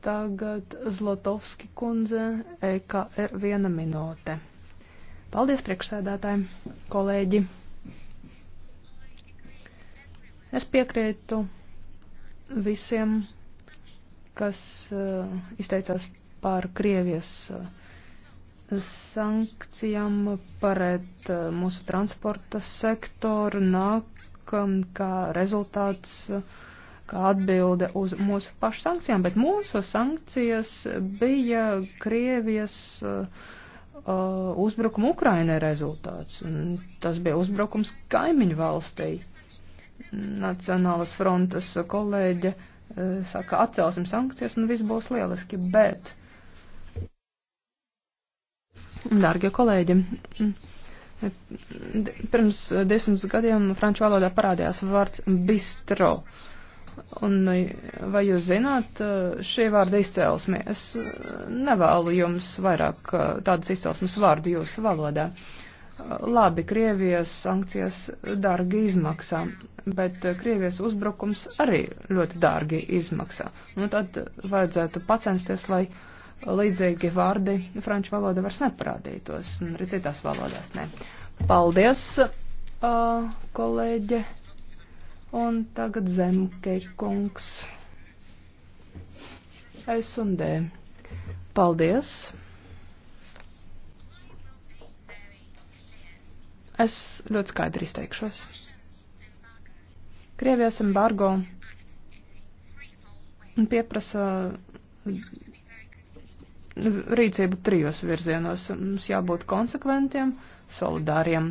Tagad Zlotovski kundze, EKR viena minūte. Paldies priekšsēdētājiem, kolēģi. Es piekrītu visiem, kas uh, izteicās par Krievijas uh, sankcijām pret eh, mūsu transporta sektoru nāk kā rezultāts, eh, kā atbilde uz mūsu pašu sankcijām, bet mūsu sankcijas bija Krievijas uh, uzbrukuma Ukrainai rezultāts. Un tas bija uzbrukums kaimiņu valstī. Nacionālas frontes kolēģe uh, saka, atcelsim sankcijas un viss būs lieliski, bet Dārgie kolēģi, pirms desmit gadiem franču valodā parādījās vārds bistro. Un vai jūs zināt šī vārda izcēlesmi? Es nevēlu jums vairāk uh, tādas izcēlesmes vārdu jūsu valodā. Labi, Krievijas sankcijas dārgi izmaksā, bet Krievijas uzbrukums arī ļoti dārgi izmaksā. Nu tad vajadzētu pacensties, lai. Uh, līdzīgi vārdi franču valoda vairs neparādītos, un arī citās valodās ne. Paldies, uh, kolēģe, un tagad Zemke kungs. S un D. Paldies. Es ļoti skaidri izteikšos. Krievijas embargo pieprasa rīcību trijos virzienos. Mums jābūt konsekventiem, solidāriem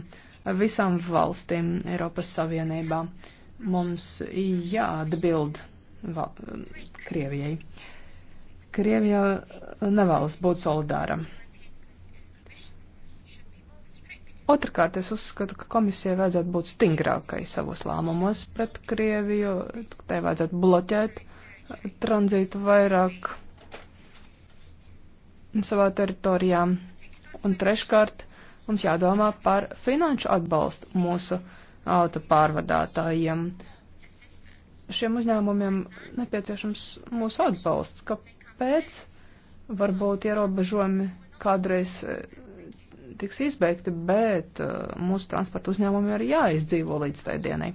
visām valstīm Eiropas Savienībā. Mums jāatbild Krievijai. Krievija nevēlas būt solidāra. Otrakārt, es uzskatu, ka komisijai vajadzētu būt stingrākai savos lēmumos pret Krieviju, tai vajadzētu bloķēt tranzītu vairāk savā teritorijā. Un treškārt, mums jādomā par finanšu atbalstu mūsu auto pārvadātājiem. Šiem uzņēmumiem nepieciešams mūsu atbalsts. Kāpēc? Varbūt ierobežojumi kādreiz e, tiks izbeigti, bet e, mūsu transporta uzņēmumi arī jāizdzīvo līdz tai dienai.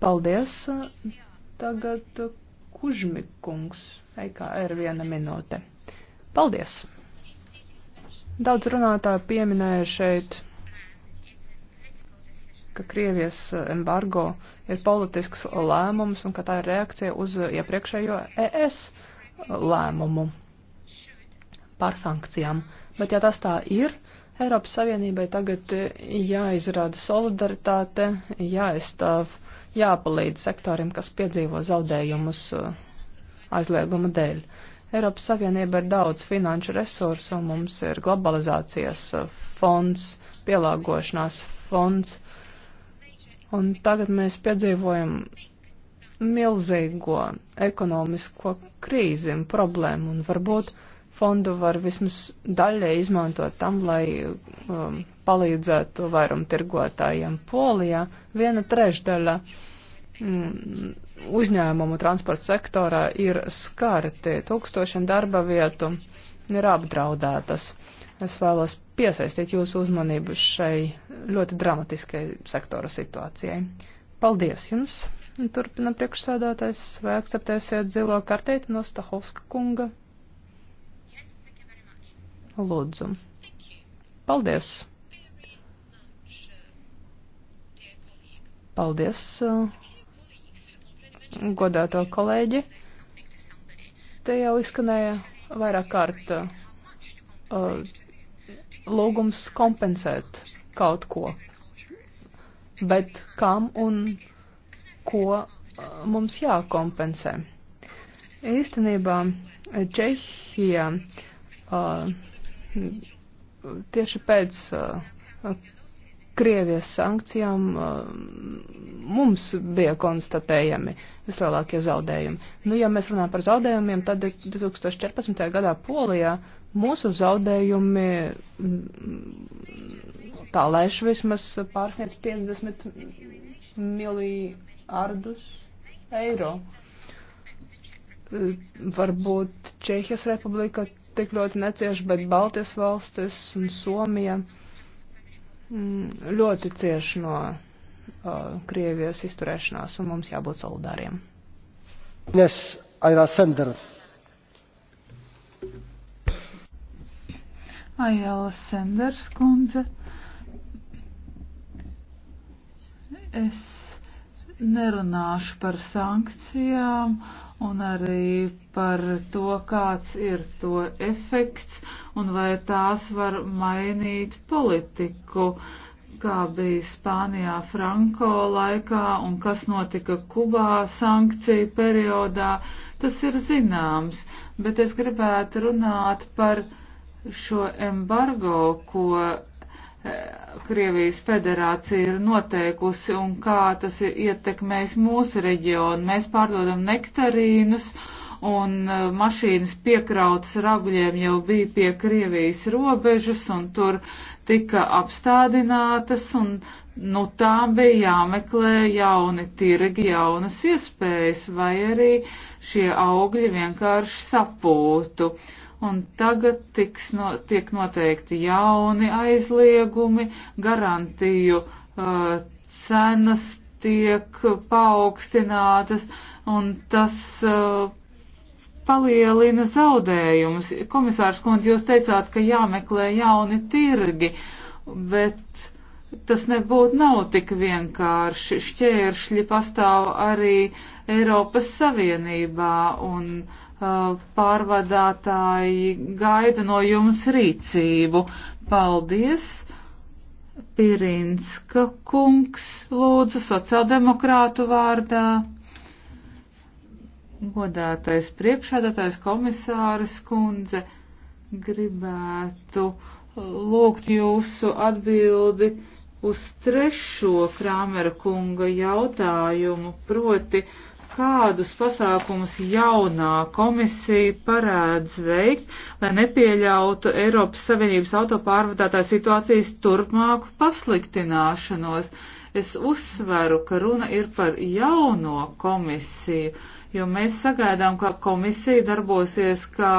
Paldies! Tagad Kužmikungs, EKR viena minūte. Paldies! Daudz runātāji pieminēja šeit, ka Krievijas embargo ir politisks lēmums un ka tā ir reakcija uz iepriekšējo ES lēmumu par sankcijām. Bet ja tas tā ir, Eiropas Savienībai tagad jāizrāda solidaritāte, jāizstāv, jāpalīdz sektoriem, kas piedzīvo zaudējumus uh, aizlieguma dēļ. Uh, Eiropas Savienība ir daudz finanšu resursu, un mums ir globalizācijas uh, fonds, pielāgošanās fonds. Un tagad mēs piedzīvojam milzīgo ekonomisko krīzi un problēmu, un varbūt fondu var vismaz daļai izmantot tam, lai um, palīdzētu vairumtirgotājiem. Polijā viena trešdaļa mm, uzņēmumu transporta sektorā ir skarti. Tūkstošiem darba vietu ir apdraudētas. Es vēlos piesaistīt jūsu uzmanību šai ļoti dramatiskai sektora situācijai. Paldies jums! Turpina priekšsēdātais, vai akceptēsiet zilo kartīti no Stahovska kunga? Lūdzu. Paldies! Paldies! Uh, godāto kolēģi. Te jau izskanēja vairāk kārt uh, lūgums kompensēt kaut ko, bet kam un ko uh, mums jākompensē. Īstenībā eh, Čehija uh, tieši pēc uh, Krievijas sankcijām um, mums bija konstatējami vislielākie zaudējumi. Nu, ja mēs runājam par zaudējumiem, tad 2014. gadā Polijā mūsu zaudējumi mm, tā lēšu vismaz pārsniedz 50 miljārdus eiro. Varbūt Čehijas republika tik ļoti necieši, bet Baltijas valstis un Somija. Uh, Mm, ļoti cieši no uh, Krievijas izturēšanās, un mums jābūt solidāriem. Yes, Aira Sender. Aijala Senders kundze. Es nerunāšu par sankcijām un arī par to, kāds ir to efekts un vai tās var mainīt politiku, kā bija Spānijā Franko laikā un kas notika Kubā sankciju periodā. Tas ir zināms, bet es gribētu runāt par šo embargo, ko Krievijas federācija ir noteikusi un kā tas ir ietekmējis mūsu reģionu. Mēs pārdodam nektarīnus un e, mašīnas piekrautas ragļiem jau bija pie Krievijas robežas un tur tika apstādinātas un nu tā bija jāmeklē jauni tirgi, jaunas iespējas vai arī šie augļi vienkārši sapūtu. Uh, un tagad tiks no, tiek noteikti jauni aizliegumi, garantiju uh, cenas tiek paaugstinātas, un tas uh, palielina zaudējumus. Komisārs Kundze, jūs teicāt, ka jāmeklē jauni tirgi, bet tas nebūtu nav tik vienkārši. Šķēršļi pastāv arī Eiropas Savienībā, un uh, pārvadātāji gaida no jums rīcību. Paldies! Pirinska kungs lūdzu sociāldemokrātu vārdā. Godātais priekšādātais komisāris kundze gribētu lūgt jūsu atbildi uz trešo Krāmera kunga jautājumu, proti, uh, kādus pasākumus jaunā komisija parādz veikt, lai nepieļautu Eiropas Savienības autopārvadātāju situācijas turpmāku pasliktināšanos. Es uzsveru, ka runa ir par jauno komisiju, jo mēs sagaidām, ka komisija darbosies kā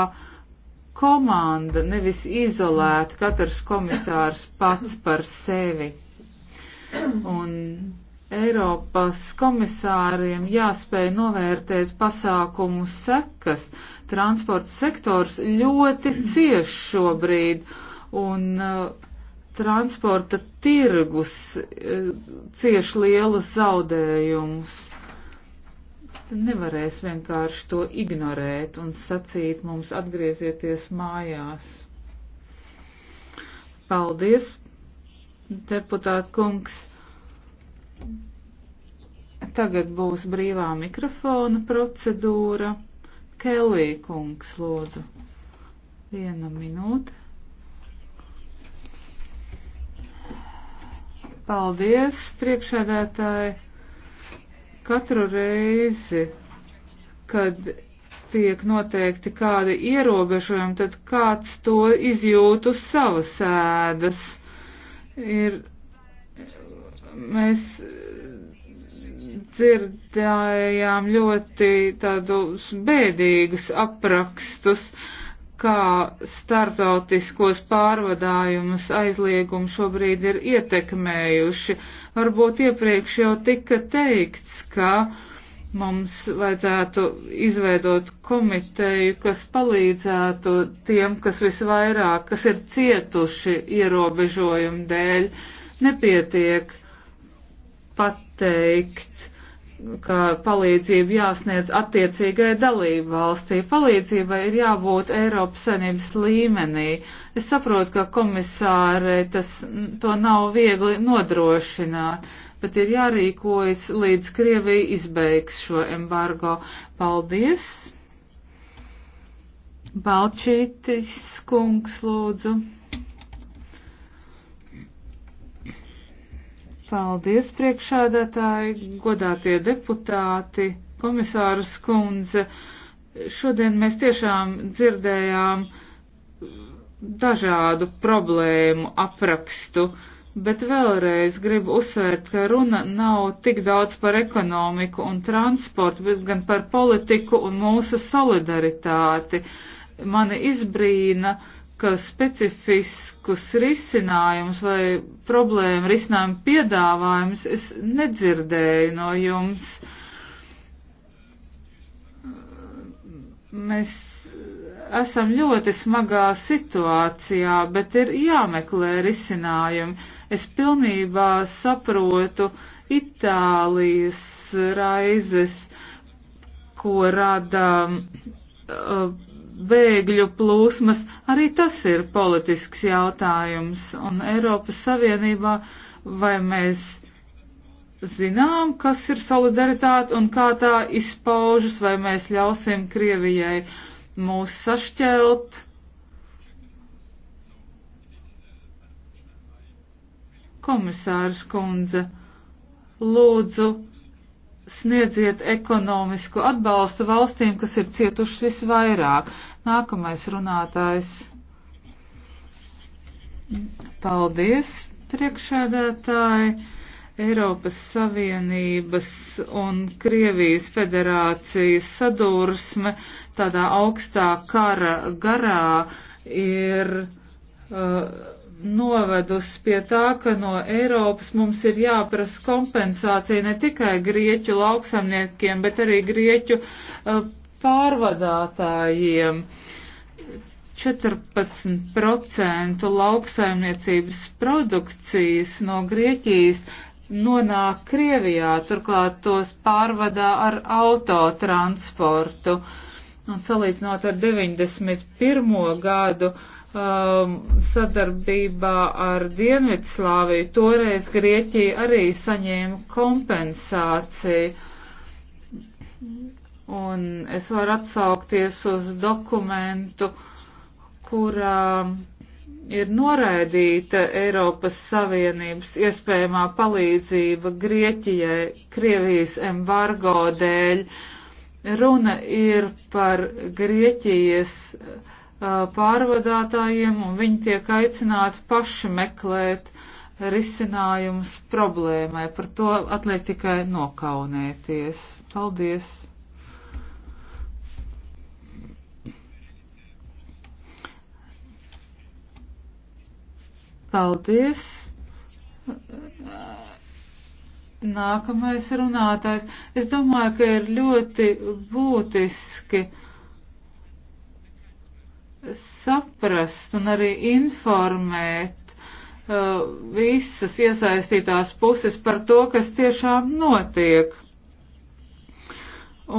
komanda, nevis izolēti katrs komisārs pats par sevi. Un Eiropas komisāriem jāspēj novērtēt pasākumu sekas. Transporta sektors ļoti cieš šobrīd, un uh, transporta tirgus uh, cieš lielus zaudējumus. Nevarēs vienkārši to ignorēt un sacīt mums atgriezieties mājās. Paldies, deputāt kungs. Tagad būs brīvā mikrofona procedūra. Kelī kungs, lūdzu. Viena minūte. Paldies, priekšēdētāji. Katru reizi, kad tiek noteikti kādi ierobežojumi, tad kāds to izjūt uz savas ēdas. Ir mēs dzirdējām ļoti tādus bēdīgus aprakstus, kā starptautiskos pārvadājumus aizliegumu šobrīd ir ietekmējuši. Varbūt iepriekš jau tika teikts, ka mums vajadzētu izveidot komiteju, kas palīdzētu tiem, kas visvairāk, kas ir cietuši ierobežojumu dēļ. Nepietiek pateikt, ka palīdzība jāsniedz attiecīgai dalību valstī. Palīdzībai ir jābūt Eiropas saimnības līmenī. Es saprotu, ka komisārai tas, to nav viegli nodrošināt, bet ir jārīkojas līdz Krievija izbeigs šo embargo. Paldies! Balčītis kungs lūdzu. Paldies, priekšādātāji, godātie deputāti, komisāras kundze. Šodien mēs tiešām dzirdējām dažādu problēmu aprakstu, bet vēlreiz gribu uzsvērt, ka runa nav tik daudz par ekonomiku un transportu, bet gan par politiku un mūsu solidaritāti. Mani izbrīna uh, ka specifiskus risinājumus vai problēmu risinājumu piedāvājumus es nedzirdēju no jums. Mēs esam ļoti smagā situācijā, bet ir jāmeklē risinājumi. Es pilnībā saprotu Itālijas raizes, ko rada uh, bēgļu plūsmas, arī tas ir politisks jautājums. Un Eiropas Savienībā vai mēs zinām, kas ir solidaritāte un kā tā izpaužas, vai mēs ļausim Krievijai mūs sašķelt? Komisārs kundze, lūdzu, sniedziet ekonomisku atbalstu valstīm, kas ir cietušas visvairāk. Nākamais runātājs. Paldies, priekšēdētāji. Eiropas Savienības un Krievijas federācijas sadursme tādā augstā kara garā ir uh, novedusi pie tā, ka no Eiropas mums ir jāprasa kompensācija ne tikai grieķu lauksamniekiem, bet arī grieķu uh, pārvadātājiem. 14% lauksaimniecības produkcijas no Grieķijas nonāk Krievijā, turklāt tos pārvadā ar autotransportu. Un salīdzinot ar 91. gadu um, sadarbībā ar Dienvidslāviju, toreiz Grieķija arī saņēma kompensāciju. Un es varu atsaukties uz dokumentu, kurā ir noraidīta Eiropas Savienības iespējamā palīdzība Grieķijai Krievijas embargo dēļ. Runa ir par Grieķijas pārvadātājiem, un viņi tiek aicināti paši meklēt risinājumus problēmai. Par to atliek tikai nokaunēties. Paldies! Paldies. Nākamais runātājs. Es domāju, ka ir ļoti būtiski saprast un arī informēt uh, visas iesaistītās puses par to, kas tiešām notiek.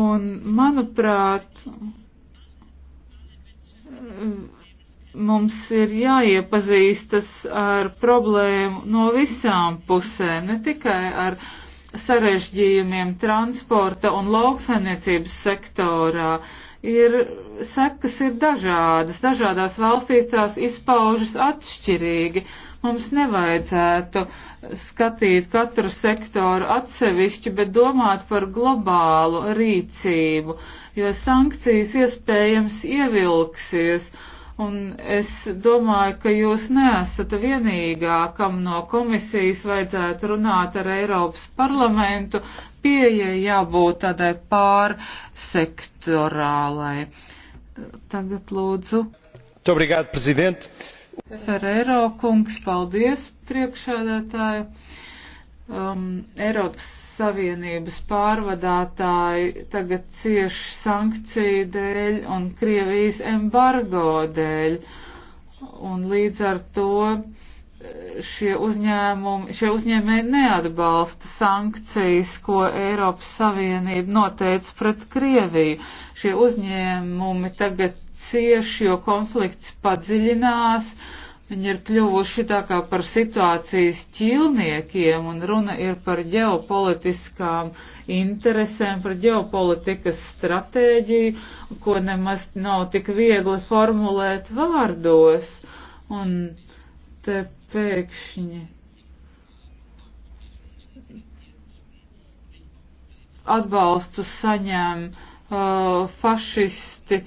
Un, manuprāt, uh, mums ir jāiepazīstas ar problēmu no visām pusēm, ne tikai ar sarežģījumiem transporta un lauksaimniecības sektorā. Ir sekas ir dažādas, dažādās valstīs tās izpaužas atšķirīgi. Mums nevajadzētu skatīt katru sektoru atsevišķi, bet domāt par globālu rīcību, jo sankcijas iespējams ievilksies Un es domāju, ka jūs neesat vienīgā, kam no komisijas vajadzētu runāt ar Eiropas parlamentu. Pieeja jābūt tādai pārsektorālai. Tagad lūdzu. Obrigāt, prezident. Ferrero kungs, paldies priekšādātāju. Um, Eiropas Savienības pārvadātāji tagad cieš sankciju dēļ un Krievijas embargo dēļ. Un līdz ar to eh, šie uzņēmumi, šie uzņēmēji neatbalsta sankcijas, ko Eiropas Savienība noteica pret Krieviju. Šie uzņēmumi tagad cieš, jo konflikts padziļinās. Uh, Viņi ir kļuvuši tā kā par situācijas ķilniekiem un runa ir par ģeopolitiskām interesēm, par ģeopolitikas stratēģiju, ko nemaz nav tik viegli formulēt vārdos. Un te pēkšņi atbalstu saņem uh, fašisti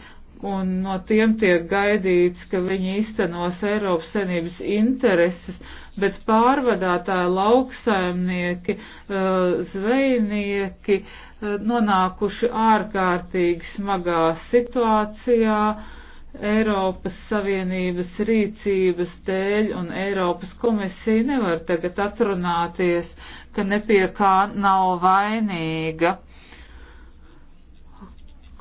un no tiem tiek gaidīts, ka viņi iztenos Eiropas senības intereses, bet pārvadātāji, lauksaimnieki, eh, zvejnieki eh, nonākuši ārkārtīgi smagā situācijā Eiropas Savienības rīcības dēļ, un Eiropas komisija nevar tagad atrunāties, ka nepie kā nav vainīga.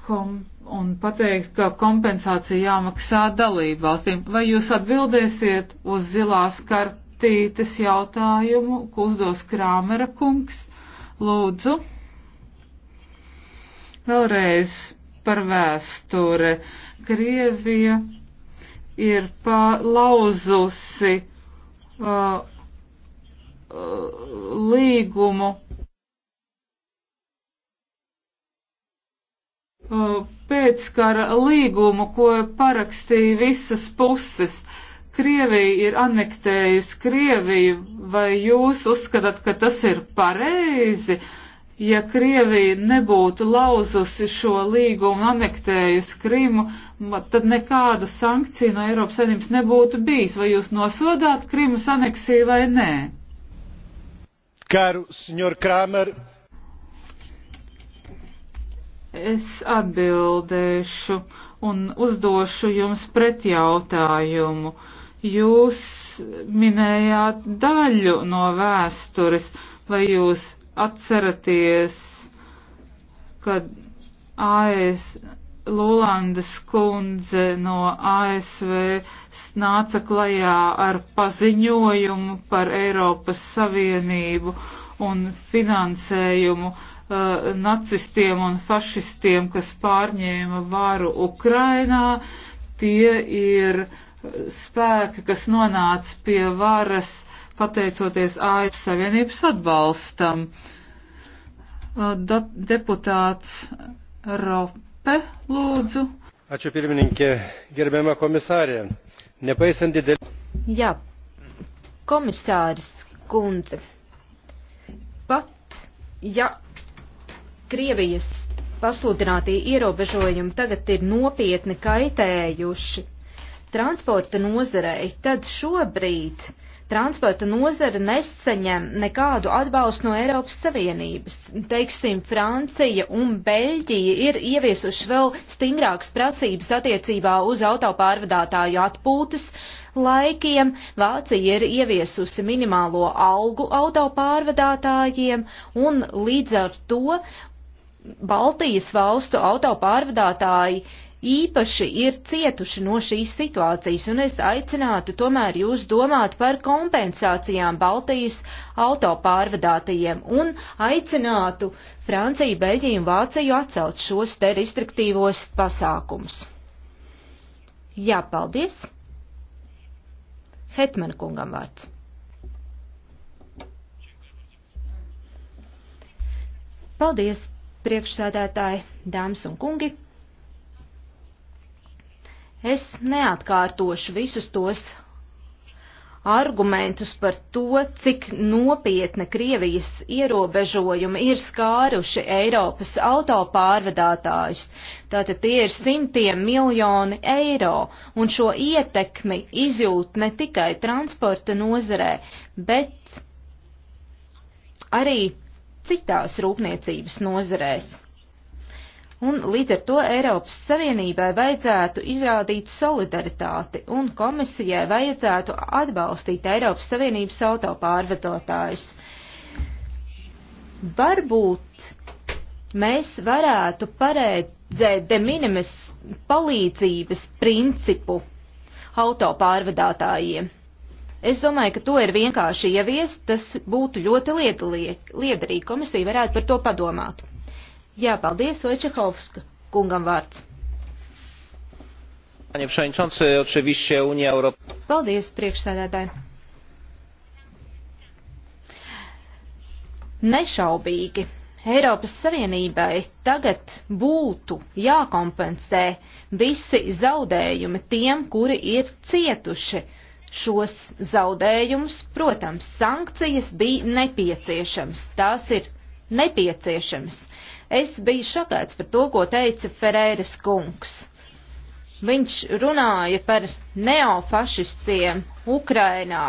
Kom un pateikt, ka kompensācija jāmaksā dalību valstīm. Vai jūs atbildēsiet uz zilās kartītes jautājumu, ko uzdos Krāmera kungs? Lūdzu. Vēlreiz par vēsture. Krievija ir lauzusi uh, uh, līgumu Mm, pēckara līgumu, ko parakstīja visas puses. Krievija ir anektējusi Krieviju, vai jūs uzskatāt, ka tas ir pareizi? Ja Krievija nebūtu lauzusi šo līgumu, anektējusi Krimu, tad nekādu sankciju no Eiropas Savienības nebūtu bijis. Vai jūs nosodāt Krimas aneksiju vai nē? Karu, senjor Kramer, es atbildēšu un uzdošu jums pretjautājumu. Jūs minējāt daļu no vēstures, vai jūs atceraties, kad AS Lūlandes kundze no ASV nāca klajā ar paziņojumu par Eiropas Savienību un finansējumu uh, nacistiem un fašistiem, kas pārņēma varu Ukrainā. Tie ir spēki, kas nonāca pie varas pateicoties Ārpus Savienības atbalstam. Uh, deputāts Rope, lūdzu. Ačiū pirmininkė, gerbiama komisarė. Nepaisant didelį. Jā, komisāris kundze. Pat ja Krievijas pasludinātie ierobežojumi tagad ir nopietni kaitējuši transporta nozarei, tad šobrīd transporta nozara nesaņem nekādu atbalstu no Eiropas Savienības. Teiksim, Francija un Beļģija ir ieviesuši vēl stingrākas prasības attiecībā uz autopārvadātāju atpūtas laikiem, Vācija ir ieviesusi minimālo algu autopārvadātājiem un līdz ar to Baltijas valstu autopārvadātāji īpaši ir cietuši no šīs situācijas, un es aicinātu tomēr jūs domāt par kompensācijām Baltijas autopārvadātajiem un aicinātu Franciju, Beļģiju un Vāciju atcelt šos te restriktīvos pasākumus. Jā, paldies. Hetmana kungam vārds. Paldies, priekšsēdētāji, dāmas un kungi. Es neatkārtošu visus tos argumentus par to, cik nopietni Krievijas ierobežojumi ir skāruši Eiropas autopārvadātājus. Tātad tie ir simtiem miljoni eiro, un šo ietekmi izjūt ne tikai transporta nozarē, bet arī citās rūpniecības nozarēs. Un līdz ar to Eiropas Savienībai vajadzētu izrādīt solidaritāti un komisijai vajadzētu atbalstīt Eiropas Savienības autopārvadotājus. Varbūt mēs varētu paredzēt de minimis palīdzības principu autopārvadātājiem. Es domāju, ka to ir vienkārši ieviest, tas būtu ļoti liederīgi. Komisija varētu par to padomāt. Jā, paldies, Vojčehovska kungam vārds. Paldies, priekšsēdētāji. Nešaubīgi. Eiropas Savienībai tagad būtu jākompensē visi zaudējumi tiem, kuri ir cietuši šos zaudējumus. Protams, sankcijas bija nepieciešams. Tās ir nepieciešams. Es biju šokēts par to, ko teica Ferēras kungs. Viņš runāja par neofašistiem Ukrainā,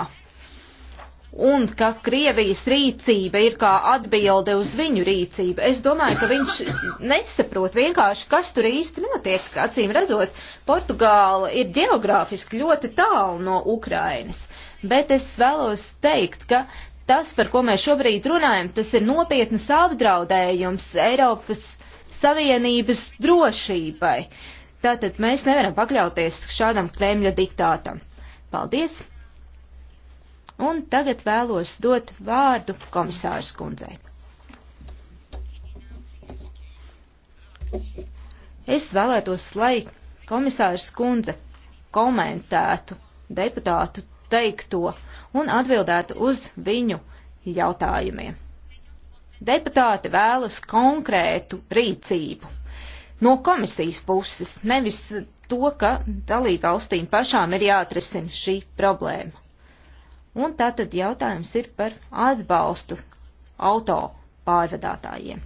un ka Krievijas rīcība ir kā atbilde uz viņu rīcību. Es domāju, ka viņš nesaprot vienkārši, kas tur īsti notiek. Acīm redzot, Portugāla ir geogrāfiski ļoti tālu no Ukrainas, bet es vēlos teikt, ka tas, par ko mēs šobrīd runājam, tas ir nopietnas apdraudējums Eiropas Savienības drošībai. Tātad mēs nevaram pakļauties šādam Kremļa diktātam. Paldies! Un tagad vēlos dot vārdu komisārs kundzei. Es vēlētos, lai komisārs kundze komentētu deputātu teikto un atbildētu uz viņu jautājumiem. Deputāti vēlas konkrētu rīcību no komisijas puses, nevis to, ka dalībvalstīm pašām ir jāatrisina šī problēma. Un tātad jautājums ir par atbalstu auto pārvadātājiem.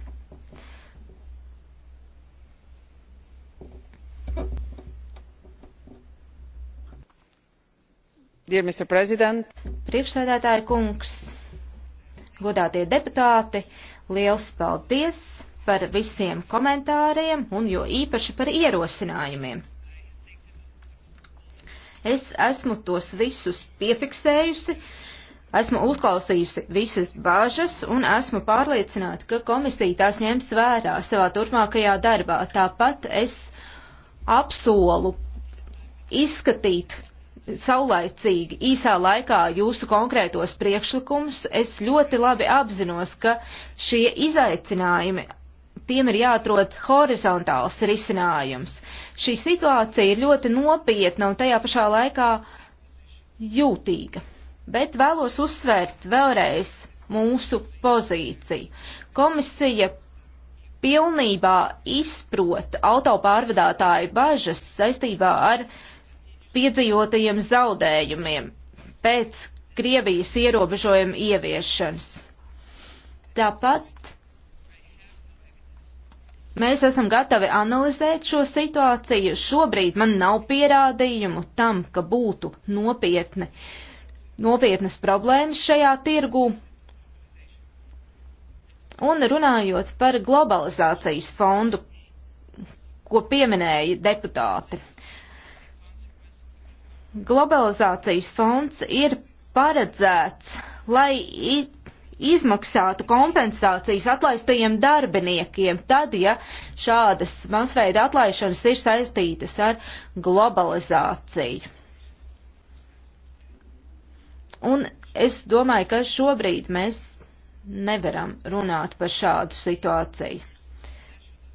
Priekšsēdētāja kungs, godātie deputāti, liels paldies par visiem komentāriem un jo īpaši par ierosinājumiem. Es esmu tos visus piefiksējusi, esmu uzklausījusi visas bažas un esmu pārliecināta, ka komisija tās ņems vērā savā turpmākajā darbā. Tāpat es apsolu izskatīt saulaicīgi, īsā laikā jūsu konkrētos priekšlikumus. Es ļoti labi apzinos, ka šie izaicinājumi tiem ir jāatrod horizontāls risinājums. Šī situācija ir ļoti nopietna un tajā pašā laikā jūtīga. Bet vēlos uzsvērt vēlreiz mūsu pozīciju. Komisija pilnībā izprot autopārvadātāju bažas saistībā ar piedzīvotajiem zaudējumiem pēc Krievijas ierobežojumu ieviešanas. Tāpat Mēs esam gatavi analizēt šo situāciju. Šobrīd man nav pierādījumu tam, ka būtu nopietni, nopietnas problēmas šajā tirgu. Un runājot par globalizācijas fondu, ko pieminēja deputāti. Globalizācijas fonds ir paredzēts, lai izmaksātu kompensācijas atlaistajiem darbiniekiem, tad, ja šādas masveida atlaišanas ir saistītas ar globalizāciju. Un es domāju, ka šobrīd mēs nevaram runāt par šādu situāciju.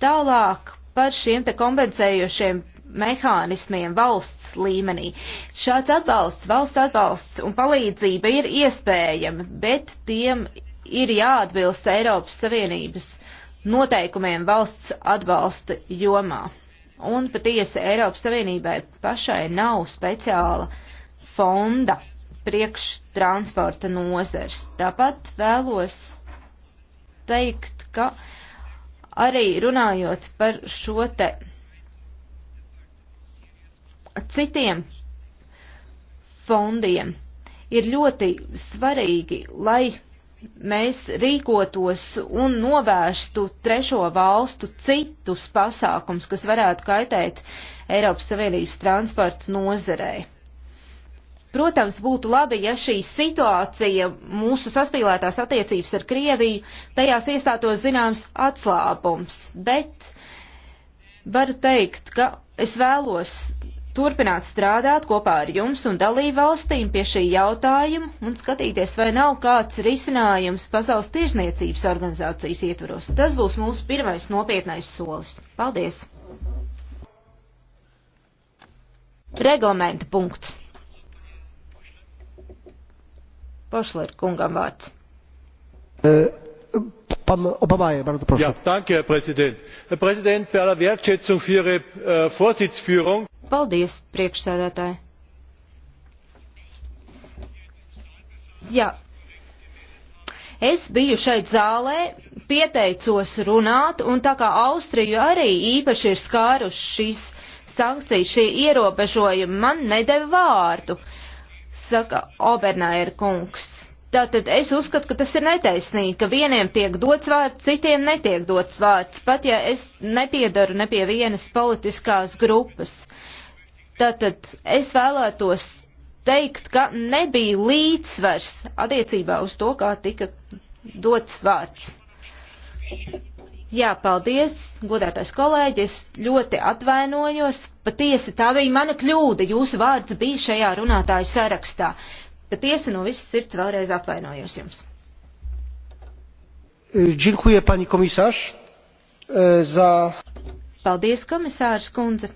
Tālāk par šiem te kompensējošiem mehānismiem valsts līmenī. Šāds atbalsts, valsts atbalsts un palīdzība ir iespējama, bet tiem ir jāatbilst Eiropas Savienības noteikumiem valsts atbalsta jomā. Un patiesi Eiropas Savienībai pašai nav speciāla fonda priekštransporta nozars. Tāpat vēlos teikt, ka arī runājot par šo te citiem fondiem. Ir ļoti svarīgi, lai mēs rīkotos un novērstu trešo valstu citus pasākums, kas varētu kaitēt Eiropas Savienības transporta nozarei. Protams, būtu labi, ja šī situācija, mūsu saspīlētās attiecības ar Krieviju, tajās iestātos zināms atslābums, bet varu teikt, ka es vēlos turpināt strādāt kopā ar jums un dalību valstīm pie šī jautājuma un skatīties, vai nav kāds risinājums Pasaules tirsniecības organizācijas ietvaros. Tas būs mūsu pirmais nopietnais solis. Paldies! Reglamenta punkts. Pošler kungam vārds. Uh. Ja, danke, herr präsident! herr präsident bei aller wertschätzung für ihre äh, vorsitzführung Paldies, priekšsēdētāji. Jā. Es biju šeit zālē, pieteicos runāt, un tā kā Austriju arī īpaši ir skāruši šīs sankcijas, šie ierobežojumi, man nedēva vārdu, saka Obernair kungs. Tātad es uzskatu, ka tas ir netaisnīgi, ka vieniem tiek dots vārds, citiem netiek dots vārds, pat ja es nepiedaru ne pie vienas politiskās grupas. Tātad es vēlētos teikt, ka nebija līdzsvers attiecībā uz to, kā tika dots vārds. Jā, paldies, godētais kolēģi, es ļoti atvainojos. Patiesi tā bija mana kļūda, jūsu vārds bija šajā runātāju sarakstā. Patiesi no visas sirds vēlreiz atvainojos jums. Dziękuję, pani komisārš, e, za. Paldies, komisārs kundze.